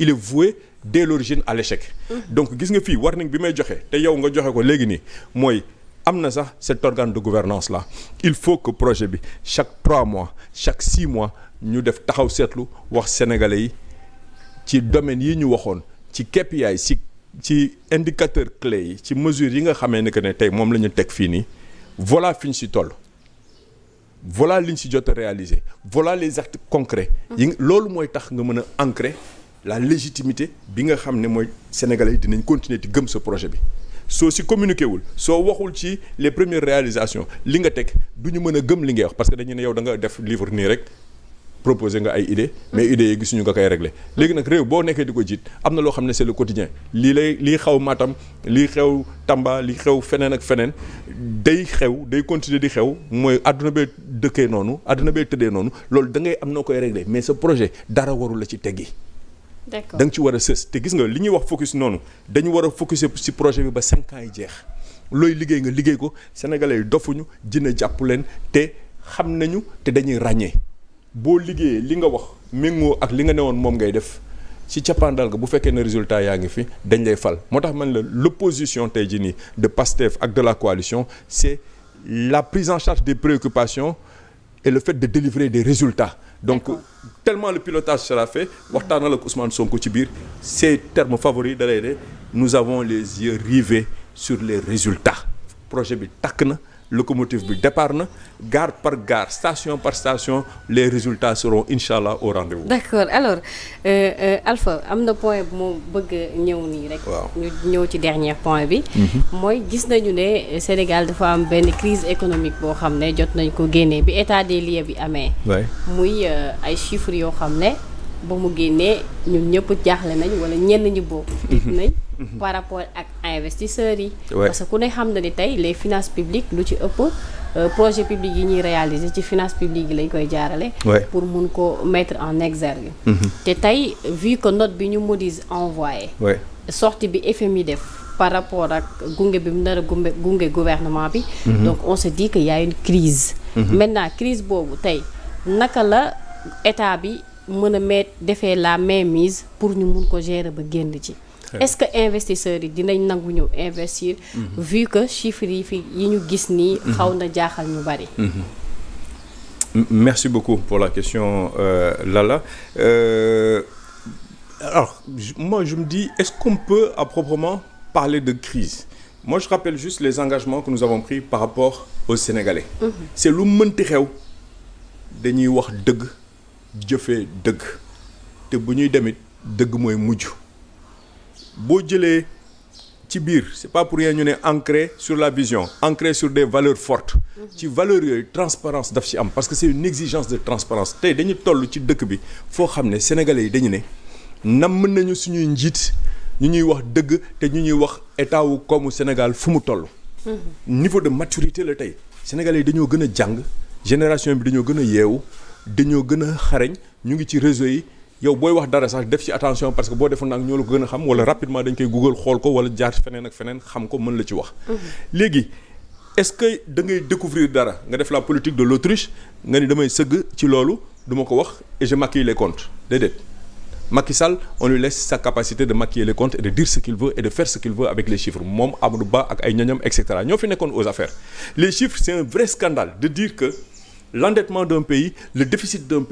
[SPEAKER 2] il est voué dès l'origine à l'échec mm-hmm. donc gis nga fii warning bi may joxe te yow nga joxe ko léegi nii mooy am na sax cet organe de gouvernance la il faut que projet bi chaque trois mois chaque six mois ñu def taxaw seetlu wax sénégalais yi ci domaine yi ñu waxoon ci KPI si ci indicateur clé yi ci mesure yi nga xamee ne que ne tey moom lañu teg fii nii voilà fi ñu si toll voilà li ñu si jot a réaliser voilà les actes concrets mm-hmm. loolu mooy tax nga mën a ancrer la légitimité bi nga xam ne mooy sénégalais yi dinañ continuer di gëm sa projet bi soo si communiqué wul soo waxul ci les premières réalisation li nga teg du ñu mën a gëm li ngay wax parce que dañu ne yow da nga def livre nii rek proposé nga ay idée mais mm-hmm. idées yi gisuñu nga koy regle mm-hmm. léegi nag réew boo nekkee di ko jiit am na loo xam ne c'est le quotidien lii lay lii xaw maatam lii xew Tamba lii xew feneen ak feneen day xew day continuer di xew mooy àdduna bee dëkkee noonu àdduna bee tëddee noonu loolu da ngay am noo koy réglé mais sa projet dara warul la ci teggi d'accord da nga ci war a sës te gis nga li ñuy wax focus noonu dañu war a focuser ci projet bi ba cinq ans yi jeex looy liggéey nga liggéey ko sénégalais yi dofuñu dina jàpp leen te xam nañu te dañuy ràññee boo liggéeyee li nga wax méngoo ak li nga newoon moom ngay def ci cappaandal ga bu fekkee ne résultat yaa ngi fi dañ lay fal moo tax man la l'opposition tey jii nii de Pastef ak de la coalition c'est la prise en charge des préoccupations et le fait de délivrer des résultats donc tellement le pilotage sera waxtaan waxtaanal ak Ousmane Sonko ci biir ses termes favoris da lay ne nous avons les yeux rivés sur les résultats le projet bi takk na locomotive bi départ na gare par gare station par station les résultats seront incha allah au rendez-vous.
[SPEAKER 1] d'accord alors euh, euh, am na point bu ma bëgg ñëw nii rek. ñu ñëw ci dernier point bi. Mhm. mooy gis nañu ne Sénégal dafa am benn crise économique boo xam ne jot nañ ko génnee bi état des lieux bi amee. muy euh, ay chiffres yoo xam ne ba mu génnee ñun ñëpp jaaxle nañ wala ñenn ñi mhm. nañ. par rapport ak investisseurs yi. parce que ku ne xam na ni tey les finance publiques lu ci ëpp euh, projet public yi ñuy réaliser ci finance publique yi lañ koy jaarale. pour mun ko mettre en exergue. Mhm. te tey vu que note bi ñu Moody's envoyé. sortie bi FMI def par rapport ak gunge bi mu nar a gunge gunge gouvernement bi. Mhm. donc on se dit que y a une crise. Mhm. maintenant crise boobu tey naka la état bi mën a met defee la mainmise pour ñu mun ko gérer ba génn ci. est-ce que investisseurs yi dinañ nangu ñu investir. Mm-hmm. vu que chiffres yi fi yi ñu gis nii. Mm-hmm. xaw na jaaxal ñu bari.
[SPEAKER 2] Mm-hmm. merci beaucoup pour la question euh, Lala euh, alors moi je me dis est-ce qu'on peut à proprement parler de crise moi je rappelle juste les engagements que nous avons pris par rapport au Sénégalais mm -hmm. c'est lu mënti xew dañuy wax dëgg jëfee dëgg te bu ñuy demit dëgg mooy mujj boo jëlee ci biir c'est pas pour rien ñu ne ancré sur la vision ancré sur des valeurs fortes ci valeur yooyu transparence daf ci am parce que c'est une exigence de transparence tey dañu toll ci dëkk bi foo xam ne sénégalais yi dañu ne nam mën nañu suñuy njiit ñu ñuy wax dëgg te ñu ñuy wax état wu koomu Sénégal fu mu toll niveau de maturité la tey sénégale yi dañoo gën a jàng génération bi dañoo gën a yeewu dañoo gën a xarañ ñu ngi ci réseau yi yow booy wax dara sax def ci attention parce que boo defoon nag ñoo la ko gën a xam wala rapidement dañ koy google xool ko wala jaar feneen ak feneen xam ko mën la ci wax. Mhm. léegi est-ce que da ngay découvrir dara nga def la politique de l'autruche nga ni damay sëgg ci loolu duma ko wax et je maquille les comptes déedéet. Macky Sall on lui laisse sa capacité de maquiller les comptes et de dire ce qu'il veut et de faire ce qu'il avec les chiffres moom Amadou Ba ak ay ñoñam et cetera fi nekkoon aux affaires les chiffres c'est un vrai scandale de que l'endettement d'un pays le déficit d'un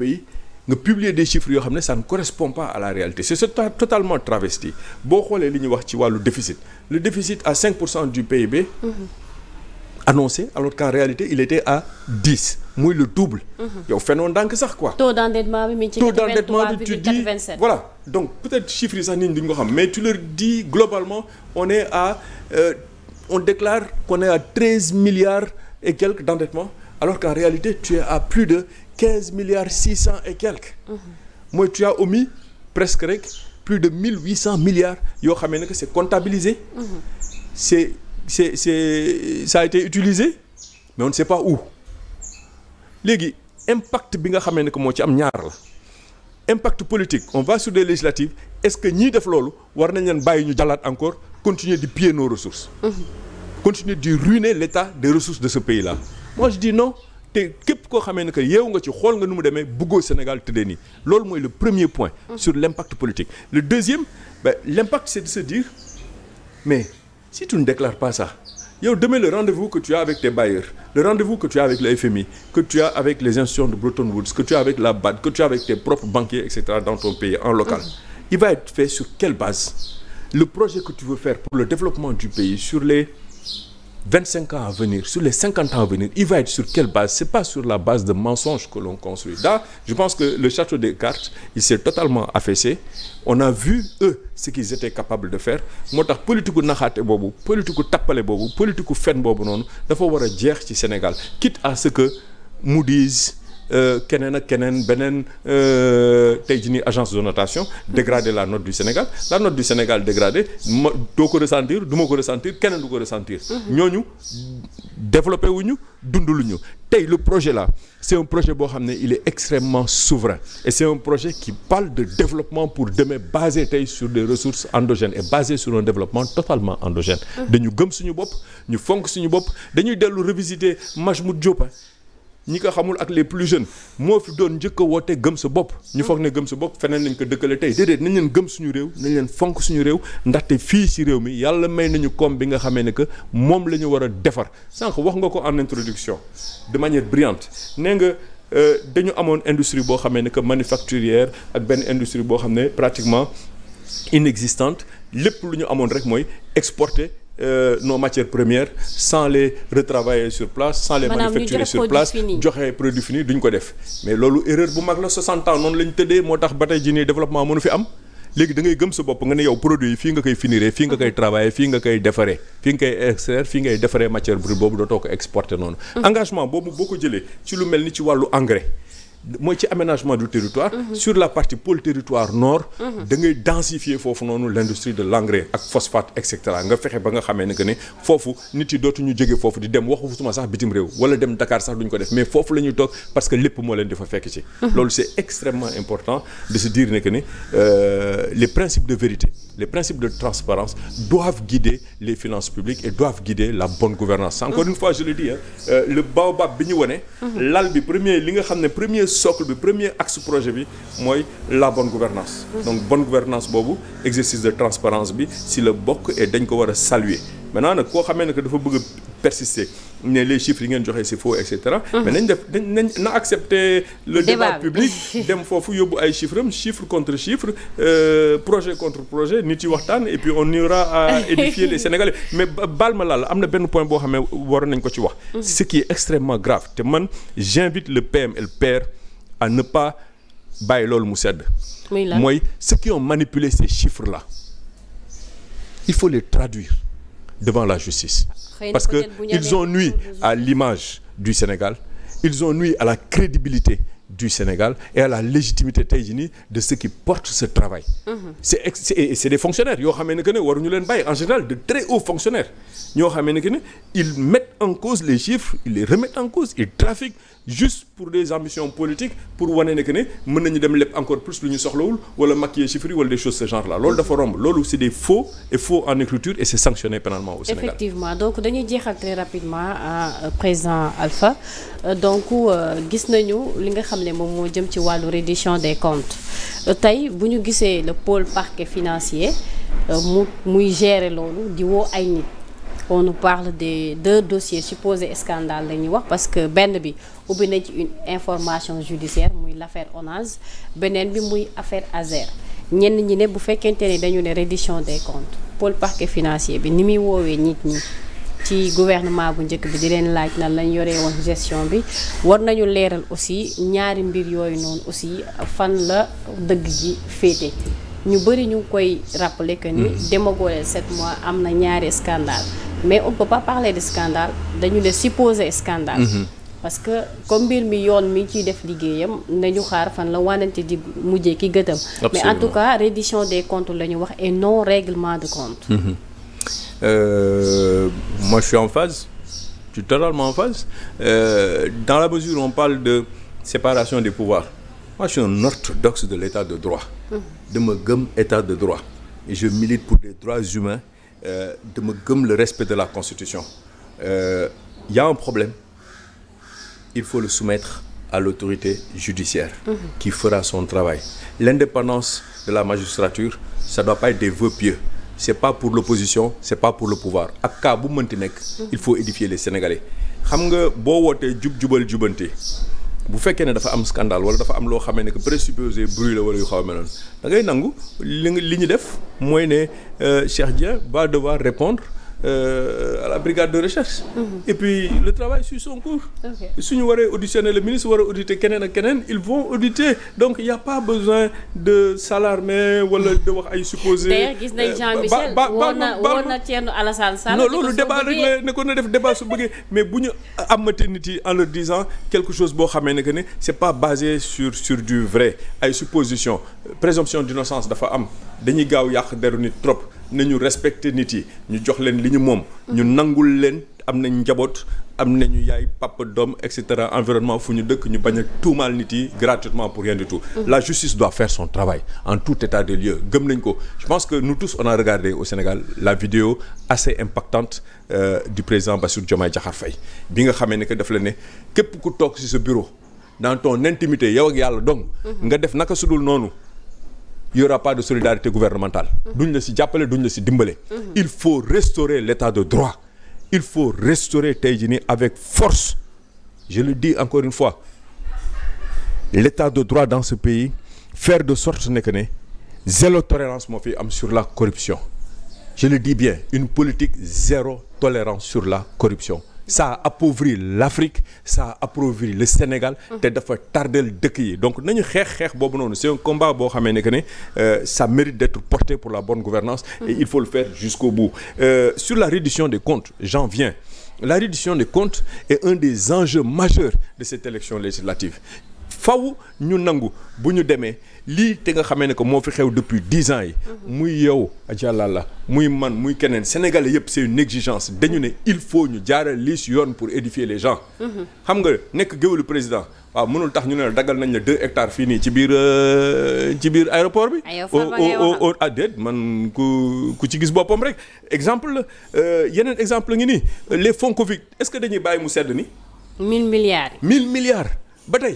[SPEAKER 2] nga publier des chiffres yoo xam ne ça ne correspond pas à la réalité c' est totalement travesti boo xoolee li ñuy wax ci wàllu déficit le déficit à 5 pour cent du PIB. Mmh. annoncé alors qu'en réalité il était à 10 muy le double. Mm-hmm. yow fenoon ndànk sax quoi.
[SPEAKER 1] taux d'endettement bi mi ci 87 voilà
[SPEAKER 2] donc peut-être chiffres yi sax nit ñi duñ ko xam mais tu leur dis globalement on est à euh, on déclare qu'on est à 13 milliards et quelques d'endettement alors qu'en à plus de quinze milliards six cent et quelques. mooy tu as omis presque rek plus de mille huit cent milliards yoo xamee ne que c' est comptabilisé. c' est c' est c' est ça a été utilisé mais on ne pas où. léegi impact bi nga xamee ne que moo ci am ñaar la impact politique on va sur des législatives est ce que ñiy def loolu war nañ leen bàyyi ñu jalaat encore continuer di piller nos ressources. Mm-hmm. continuer di ruiner l' état des ressources de ce pays là. moi je dis non. te képp koo xamee ne que yeewu nga ci xool nga nu mu demee bëggoo Sénégal tëddee ni loolu mooy le premier point sur l'impact politique le deuxième ben, l'impact c'est de se dire mais si tu ne déclares pas ça yow demain le rendez-vous que tu as avec tes bailleurs le rendez-vous que tu as avec le FMI que tu as avec les institutions de Bretton Woods que tu as avec la BAD que tu as avec tes propres banquiers etc dans ton pays en local il va être fait sur quelle base projet que tu veux faire pour le vingt cinq ans à venir sur les cinquante ans à venir il va être sur quelle base c'est pas sur la base de mensonges que l'on construit là je pense que le château des cartes il s'est totalement affaissé on a vu eux ce qu'ils étaient capables de faire moo tax politiku naxaate boobu politiku tappale boobu politiku fen boobu noonu dafa war a jeex ci Sénégal quitte à ce que mu dise Euh, keneen ak keneen beneen euh, tey jii ni agence de notation dégrader la note du Sénégal la note du Sénégal dégradée ma doo ko ressentir duma ko ressentir keneen du ko ressentir. Mhm. ñooñu développé wuñu dunduluñu tey le projet la c'est un projet boo xam ne il est extrêmement souverain et c'est un projet qui parle de développement pour demain basé tey sur des ressources endogènes et basé sur un développement totalement endogène. Mhm. dañu gëm suñu bopp ñu fonk suñu bopp dañuy dellu revisiter Majmout Diop ñi ko xamul ak les plus jeunes moo fi doon njëkk a woote gëm sa bopp ñu foog ne gëm sa bopp feneen lañ ko dëkkale tey déedéet nañ leen gëm suñu réew nañ leen fonk suñu réew ndaxte fii si réew mi yàlla may nañu koom bi nga xamee ne que moom la ñu war a defar sànq wax nga ko en introduction de manière brillante nee nga euh, dañu amoon industrie boo xamee ne que manufacturière ak benn industrie boo xam ne pratiquement inexistante lépp lu ñu amoon rek mooy exporté euh, nos matières premières sans les retravailler sur place sans les manufacturer sur place joxe produit fini duñ ko def mais loolu erreur bu mag la 60 ans noonu la ñu tëddee moo tax ba tey jii nii développement mënu fi am léegi da ngay gëm sa bopp nga ne yow produit yi fii nga koy finiree fii nga koy travailler fii nga koy defaree fii nga koy extraire fii ngay defaree matière brute boobu dootoo ko exporter noonu mm. engagement boobu boo ko jëlee ci lu mel ni ci wàllu engrais mooy ci aménagement du territoire. Mm -hmm. sur la partie pôle territoire nord. Mhm. da ngay densifier foofu noonu l' de l' engrais ak phosphate et nga fexe ba nga xamee ne que foofu nit yi dootuñu jóge foofu di dem waxu sax bitim réew wala dem Dakar sax duñ ko def mais foofu la ñuy parce que lépp moo leen di fa fekk ci. Mhm. loolu c' extrêmement important de se dire ne que ne euh, les de vérité les principes de transparence doivent guider mhm. le dis euh, socle bi premier axe projet bi mooy la bonne gouvernance donc bonne gouvernance boobu exercice de transparence bi si la bokk et dañ ko war a saluer maintenant nag koo xamee ne que dafa bëgg a persister ne les chiffres yi ngeen joxee si faux et cetera. mais nañ def nañ na accepter le débat public dem foofu yóbbu ay chiffres am chiffre contre chiffre euh, projet contre projet nit yi waxtaan et puis on ira à édifier les Sénégalais mais baal ma laal am na benn point boo xam ne waroon nañ ko ci wax. ce qui est extrêmement grave te man j'invite le PM le PR à ne pas bàyyi loolu mu sedd mooy ceux qui ont manipulé ces chiffres là il faut les traduire devant la justice parce que ils ont nui à l'image du Sénégal ils ont nui à la crédibilité du Sénégal et à la légitimité tey jii nii de ceux qui portent ce travail. Mhm. c'est des fonctionnaires yoo xamee ne que ne waruñu leen bàyyi en général de très hauts fonctionnaires ñoo xamee ne que ne ils mettent en cause les chiffres ils les remettent en cause ils trafiquent juste pour des ambitions politiques pour wane ne que ne mën nañu dem lépp encore plus lu ñu soxlawul wala maquiller chiffres wala des choses ce genre là loolu dafa romb loolu c'est des faux et faux en écriture et c'est sanctionné pénalement au Sénégal
[SPEAKER 1] effectivement donc dañuy jeexal très rapidement à euh, président Alpha euh, donc euh, gis nañu li nga xam ne moom moo jëm ci wàllu reddition des comptes tey bu ñu gisee le pôle parquet financier mu muy gérer loolu di ay nit on nous parle des deux dossiers supposés scandale la ñuy wax parce que benn bi ubbi nañ ci une information judiciaire muy l'affaire Onage beneen bi muy affaire Azer ñenn ñi ne bu fekkente ne dañu ne reddition des comptes pôle parquet financier bi ni muy woowee nit ñi ci gouvernement bu njëkk bi di leen laaj nan lañ yoree woon gestion bi war nañu leeral aussi ñaari mbir yooyu noonu aussi fan la dëgg ji féete ñu bëri ñu koy rappeler que ni mm. demagoole sept mois am na ñaari scandale mais on peut pas parler de scandale dañu ne supposé parce que comme mbir mi yoon mi ciy def liggéeyam nañu xaar fan la wanante di mujjee ki gëtam. mais en tout cas reddition des comptes la ñu wax et non règlement de compte. Mm -hmm.
[SPEAKER 2] euh, moi je suis en phase je suis totalement en phase euh, dans la mesure on parle de séparation des pouvoirs moi je suis un orthodoxe de l'état de droit. Mhm. dama gëm état de droit. je milite pour les droits humains euh, dama gëm le respect de la constitution il euh, y un problème. il faut le soumettre à l'autorité judiciaire mmh. qui fera son travail. L'indépendance de la magistrature, ça doit pas être des vœux pieux. C'est pas pour l'opposition, c'est pas pour le pouvoir. Ak cas bu mënti nekk, mhm. il faut édifier les Sénégalais. Xam nga boo wootee jub jubal jubante. bu fekkee ne dafa am scandale wala dafa am loo xamee ne que présupposé bruit la wala yu xaw a mel noonu da ngay nangu li li ñu def mooy ne euh, Cheikh Dia va devoir répondre Euh, à la brigade de recherche. Mhm. et puis le travail suit son cours. su ñu waree auditionner le ministre war a auditer keneen ak keneen ils vont auditer donc il y a pas besoin de s'alarmer wala de wax ay supposé. d'ailleurs gis nañ Jean euh, Michel woon na woon
[SPEAKER 1] na Thierno Alassane Sall. non loolu débat rek
[SPEAKER 2] la ne ko na def débat su bëggee mais bu ñu amati nit yi en leur disant quelque chose boo xamee ne que ne c'est pas basé sur sur du vrai ay supposition présomption d'innocence dafa am dañuy gaaw yàq deru nit trop. nañu respecter nit yi ñu jox leen li ñu moom ñu nangul leen am nañ njaboot am na nañu yaay papa doom et cetera environnement fu ñu dëkk ñu bañ a tuumaal nit yi gratuitement pour rien du tout mm-hmm. la justice doit faire son travail en tout état de lieu gëm nañ ko je pense que nous tous on a regardé au Sénégal la vidéo assez impactante euh, du président Bassirou Diomaye Diakhar Faye bi nga xamee ne que daf la ne képp ku toog ci sa bureau dans ton intimité yow ak yàlla dong mm-hmm. nga il y aura pas de solidarité gouvernementale. Mhm. duñ la si jàppale duñ la si dimbale. Mhm. il faut restaurer l'état de droit. il faut restaurer tey jii nii avec force je le dis encore une fois l'état de droit dans ce pays faire de sorte ne que ne zéro tolérance moo fi am sur la corruption je le dis bien une politique zéro tolérance sur la corruption. ça appauvrit l'Afrique ça appauvrit le Sénégal te dafa tardel dëkk yi donc nañu xeex xeex boobu noonu c'est un combat boo xamee ne que ne euh, ça mérite d'être porté pour la bonne gouvernance et mhm. il faut le faire jusqu'au bout euh, sur la reddition des comptes j'en viens la reddition des comptes est un des enjeux majeurs de cette élection législative faw ñu nangu bu ñu demee lii te nga xamee ne que moo fi xew depuis dix ans yi. muy yow jàllala muy man muy keneen sénégalais yëpp c'est une exigence dañu ne il faut ñu jaaree lii yoon pour édifier les gens. xam nga nekk géwélu président waaw mënul tax ñu ne la daggal nañ la deux hectares fii nii ci biir euh, ci biir aéroport bi. aywa ah déet man ku ku ci gis boppam rek exemple la euh, yeneen exemple ngi nii les fonds Covid est-ce que dañuy bàyyi mu sedd ni.
[SPEAKER 1] mille milliards.
[SPEAKER 2] mille milliards ba tey.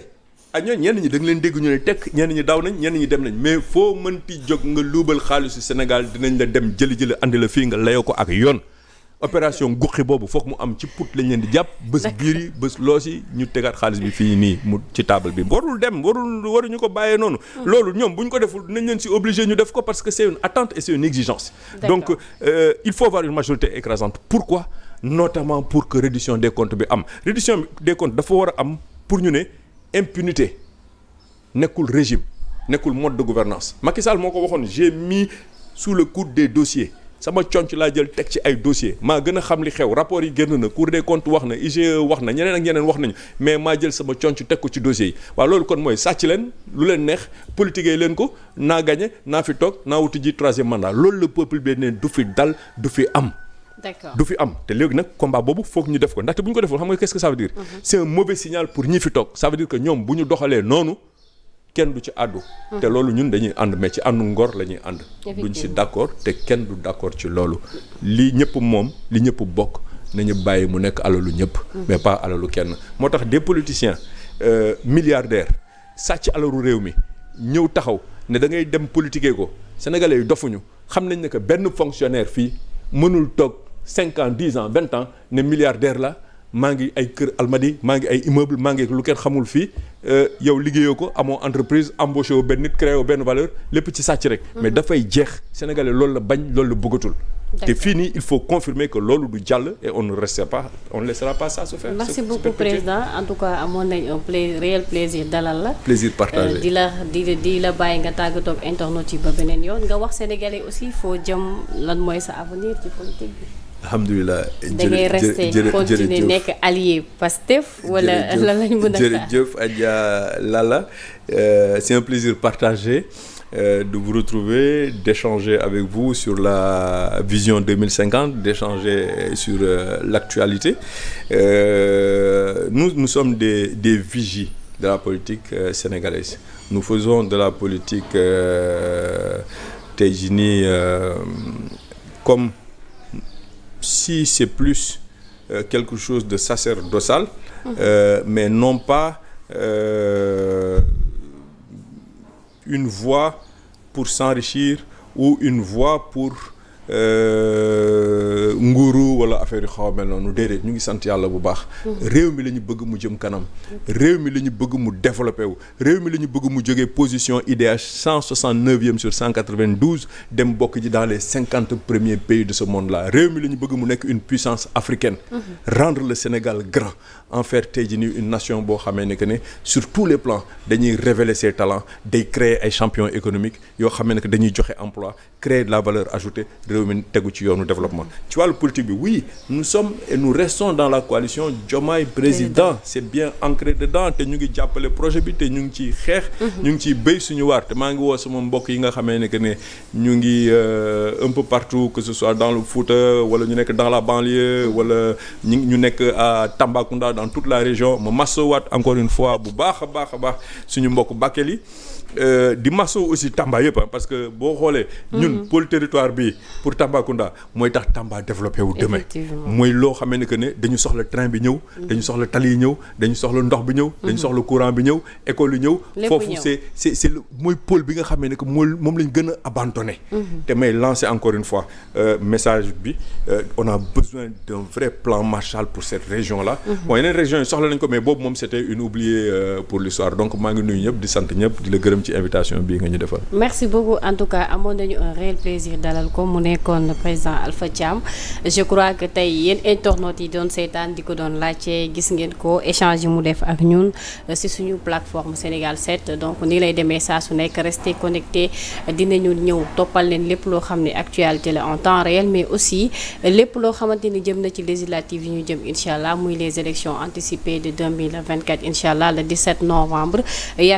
[SPEAKER 2] ah ñooñu ñenn ñi da leen dégg ñu ne tekk ñenn ñi daw nañ ñenn ñi dem nañ mais foo mënti jóg nga luubal xaalisu Sénégal dinañ la dem jëli-jëli andi la fii nga layoo ko ak yoon opération guqi boobu fook mu am ci put lañ leen di jàpp bés biir yi bés loos yi ñu tegaat xaalis bi fii nii mu ci table bi warul dem warul ñu ko bàyyee noonu mm. loolu ñoom bu ñu ko deful dinañ leen si obligé ñu def ko parce que c'est une attente et c'est une exigence donc euh, il faut avoir pour que reddition des comptes bi am reddition des comptes dafa war a am pour ñu ne impunité nekkul régime nekkul mode de gouvernance Macky Sall moo ko waxoon j'ai mis sous le coude des dossiers sama conc laa jël teg ci ay dossier maa gën a xam li xew rapport yi génn na Cour des comptes wax na IGE wax na ñeneen ak ñeneen wax nañu mais maa jël sama conc teg ko ci dossiers yi waaw loolu kon mooy sàcc leen lu leen neex politiquer leen ko naa gañe naa fi toog naa wuti ji troisième mandat loolu la peuple bi ne du fi dal du fi am d'accord du fi am te léegi nag combat boobu foog ñu def ko ndaxte bu ñu ko deful xam nga qu'est-ce que ça veut dire. Mhm. c'est un mauvais signal pour ñi fi toog ça veut dire ñoom bu ñu doxalee noonu kenn du ci àddu. Mhm. te loolu ñun dañuy ànd mais ci àndu ngor la ñuy ànd. duñ ci d'accord te kenn du d'accord ci loolu. li ñëpp moom li ñëpp bokk nañu bàyyi mu nekk alalu ñëpp. Mhm. mais pas alalu kenn moo tax des politiciens euh, milliardaires sàcc alalu réew mi ñëw taxaw ne da ngay dem politiquer ko sénégalais yi dofuñu xam nañ ne que benn fonctionnaire fii mënul toog. cinq ans dix ans vingt ans ne milliardaire la maa ngi ay kër almadi maa ngi ay immeuble maa ngi lu kenn xamul fii euh, yow liggéeyoo ko amoo entreprise embauché wu benn nit créé wu benn valeur lépp ci sàcc rek. Mhm. mais dafay jeex sénégalais loolu la bañ loolu la bëggatul. te fii nii il faut confirmer ko loolu du jàll et on ne restera pas on laissera pas ça
[SPEAKER 1] se faire. merci président en tout cas amoon nañ un pla réel plaisir dalal la.
[SPEAKER 2] plaisir partagé euh, di la
[SPEAKER 1] di bàyyi nga tàggatoo ak internautes yi ba beneen yoon nga wax sénégalais aussi foo lan mooy sa avenir ci politique bi.
[SPEAKER 2] alhamdulilah da ngay resté continuer nekk
[SPEAKER 1] allié Pastef wala lan lañ mën a jërëjëf
[SPEAKER 2] Adja Lala euh, c'est un plaisir partagé euh, de vous retrouver d'échanger avec vous sur la vision 2050 d'échanger euh, sur euh, l'actualité euh, nous nous sommes des vigies de la politique sénégalaise nous faisons de la politique tey jii nii comme si c'est plus euh, quelque chose de sacerdotal, euh, mais non pas euh, une voie pour s'enrichir ou une voie pour Euh, nguuru wala affaire yu xaw a noonu déedéet ñu ngi sant yàlla bu baax. Mm-hmm. réew mi la ñu bëgg mu jëm kanam. Mm-hmm. réew mi la ñu bëgg mu développé wu. réew mi la ñu bëgg mu jóge position IDH 169e sur 192 dem bokk ji dans les 50 premiers pays de ce monde là réew mi la ñu bëgg mu nekk une puissance africaine. Mm-hmm. rendre le Sénégal grand. en faire tey jii nii une nation boo xamee ne que ne sur tous les plans dañuy révéler ses talents day créer ay champions économiques yoo xamee ne que dañuy joxe emploi créer de la valeur ajoutée réew mi tegu ci yoonu développement ci wàllu politique bi oui nous sommes et nous restons dans la coalition Diomaye président c'est bien ancré dedans te ñu ngi jàppale projet bi te ñu ngi ciy xeex mhm. ñu ngi ciy béy suñu waar te maa ngi woo sama mbokk yi nga xamee ne que ne ñu ngi euh, un partout que ce le Fouta wala ñu nekk dans la banlieue wala ñu ñu nekk à Tambacounda dans toute la région ma masawaat encore une fois bu baax a baax a baax suñu mbokk Bakel yi Euh, di masso aussi Tamba yëpp ah, parce que boo xoolee. ñun mhm. pôle territoire bi pour Tambacounda mooy tax Tamba développé wu demain. mooy loo xamee ne que ne dañu soxla train bi ñëw. Mhm. dañu soxla tali yi ñëw dañu soxla ndox bi ñëw. dañu mhm. soxla courant bi ñëw école yi ñëw. foofu c'est c'est c'est mooy pôle bi nga xamee ne que moom moom lañ gën a abandonné. te may lancer encore une fois euh, message bi euh, on a besoin d'un vrai plan Marshall pour cette région là. boobu moom c'était une oubliée pour l'histoire donc maa ngi nuyu ñëpp di sant ñëpp
[SPEAKER 1] di la ci invitation bii nga ñu defal. merci beaucoup en tout cas amoon nañu un réel plaisir dalal ko mu nekkoon président Alpha Thiam je crois que tey yéen internautes yi doon seytaan di ko doon laajte gis ngeen ko échange yi mu def ak ñun si euh, suñu plateforme Sénégal 7 donc nii lay demee saa su nekk rester connecté dinañu ñëw toppal leen lépp loo xam ne actualité la en temps réel mais aussi euh, lépp loo xamante ni jëm na ci législative yi ñu jëm incha allah muy les élections anticipées de 2024 incha allah le 17 novembre euh,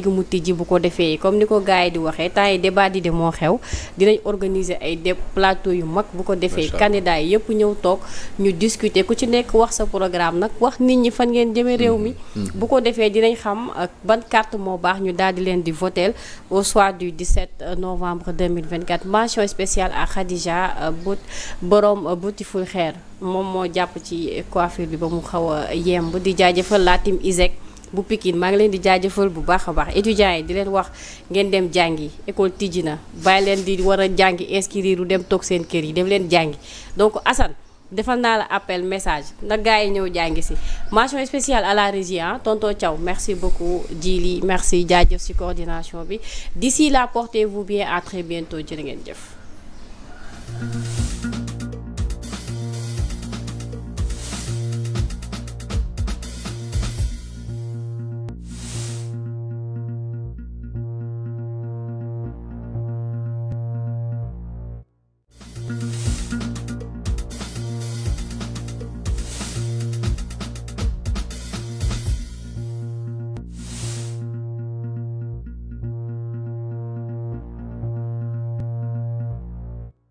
[SPEAKER 1] léegi mu tijji bu ko defee comme ni ko gars yi di waxee temps yi débat di de moo xew dinañ organiser ay des plateaux yu mag bu ko defee candidat yi yëpp ñëw toog ñu discuter ku ci nekk wax sa programme nag wax nit ñi fan ngeen jëmee réew mi mm. Mm. bu ko defee dinañ xam euh, ban carte moo baax ñu daal di leen di voter au soir du 17 euh, novembre 2024 mention spéciale à Khadija euh, bu borom butiful xeer moom moo jàpp ci coiffure bi ba mu xaw a yemb di jaajëfal laatim ISEC bu Pikine maa ngi leen di jaajëfal bu baax a baax étudiants yi di leen wax ngeen dem jàngi école tijji na bàyyi leen di war a jàngi inscrire dem toog seen kër yi dem leen jàngi donc Assane defal naa la appel message na gars yi ñëw jàngi si mention spéciale à la régie tonton Thiaw merci beaucoup Djili merci jëf ci coordination bi d'ici là portez-vous bien à très bientôt jërë ngeen jëf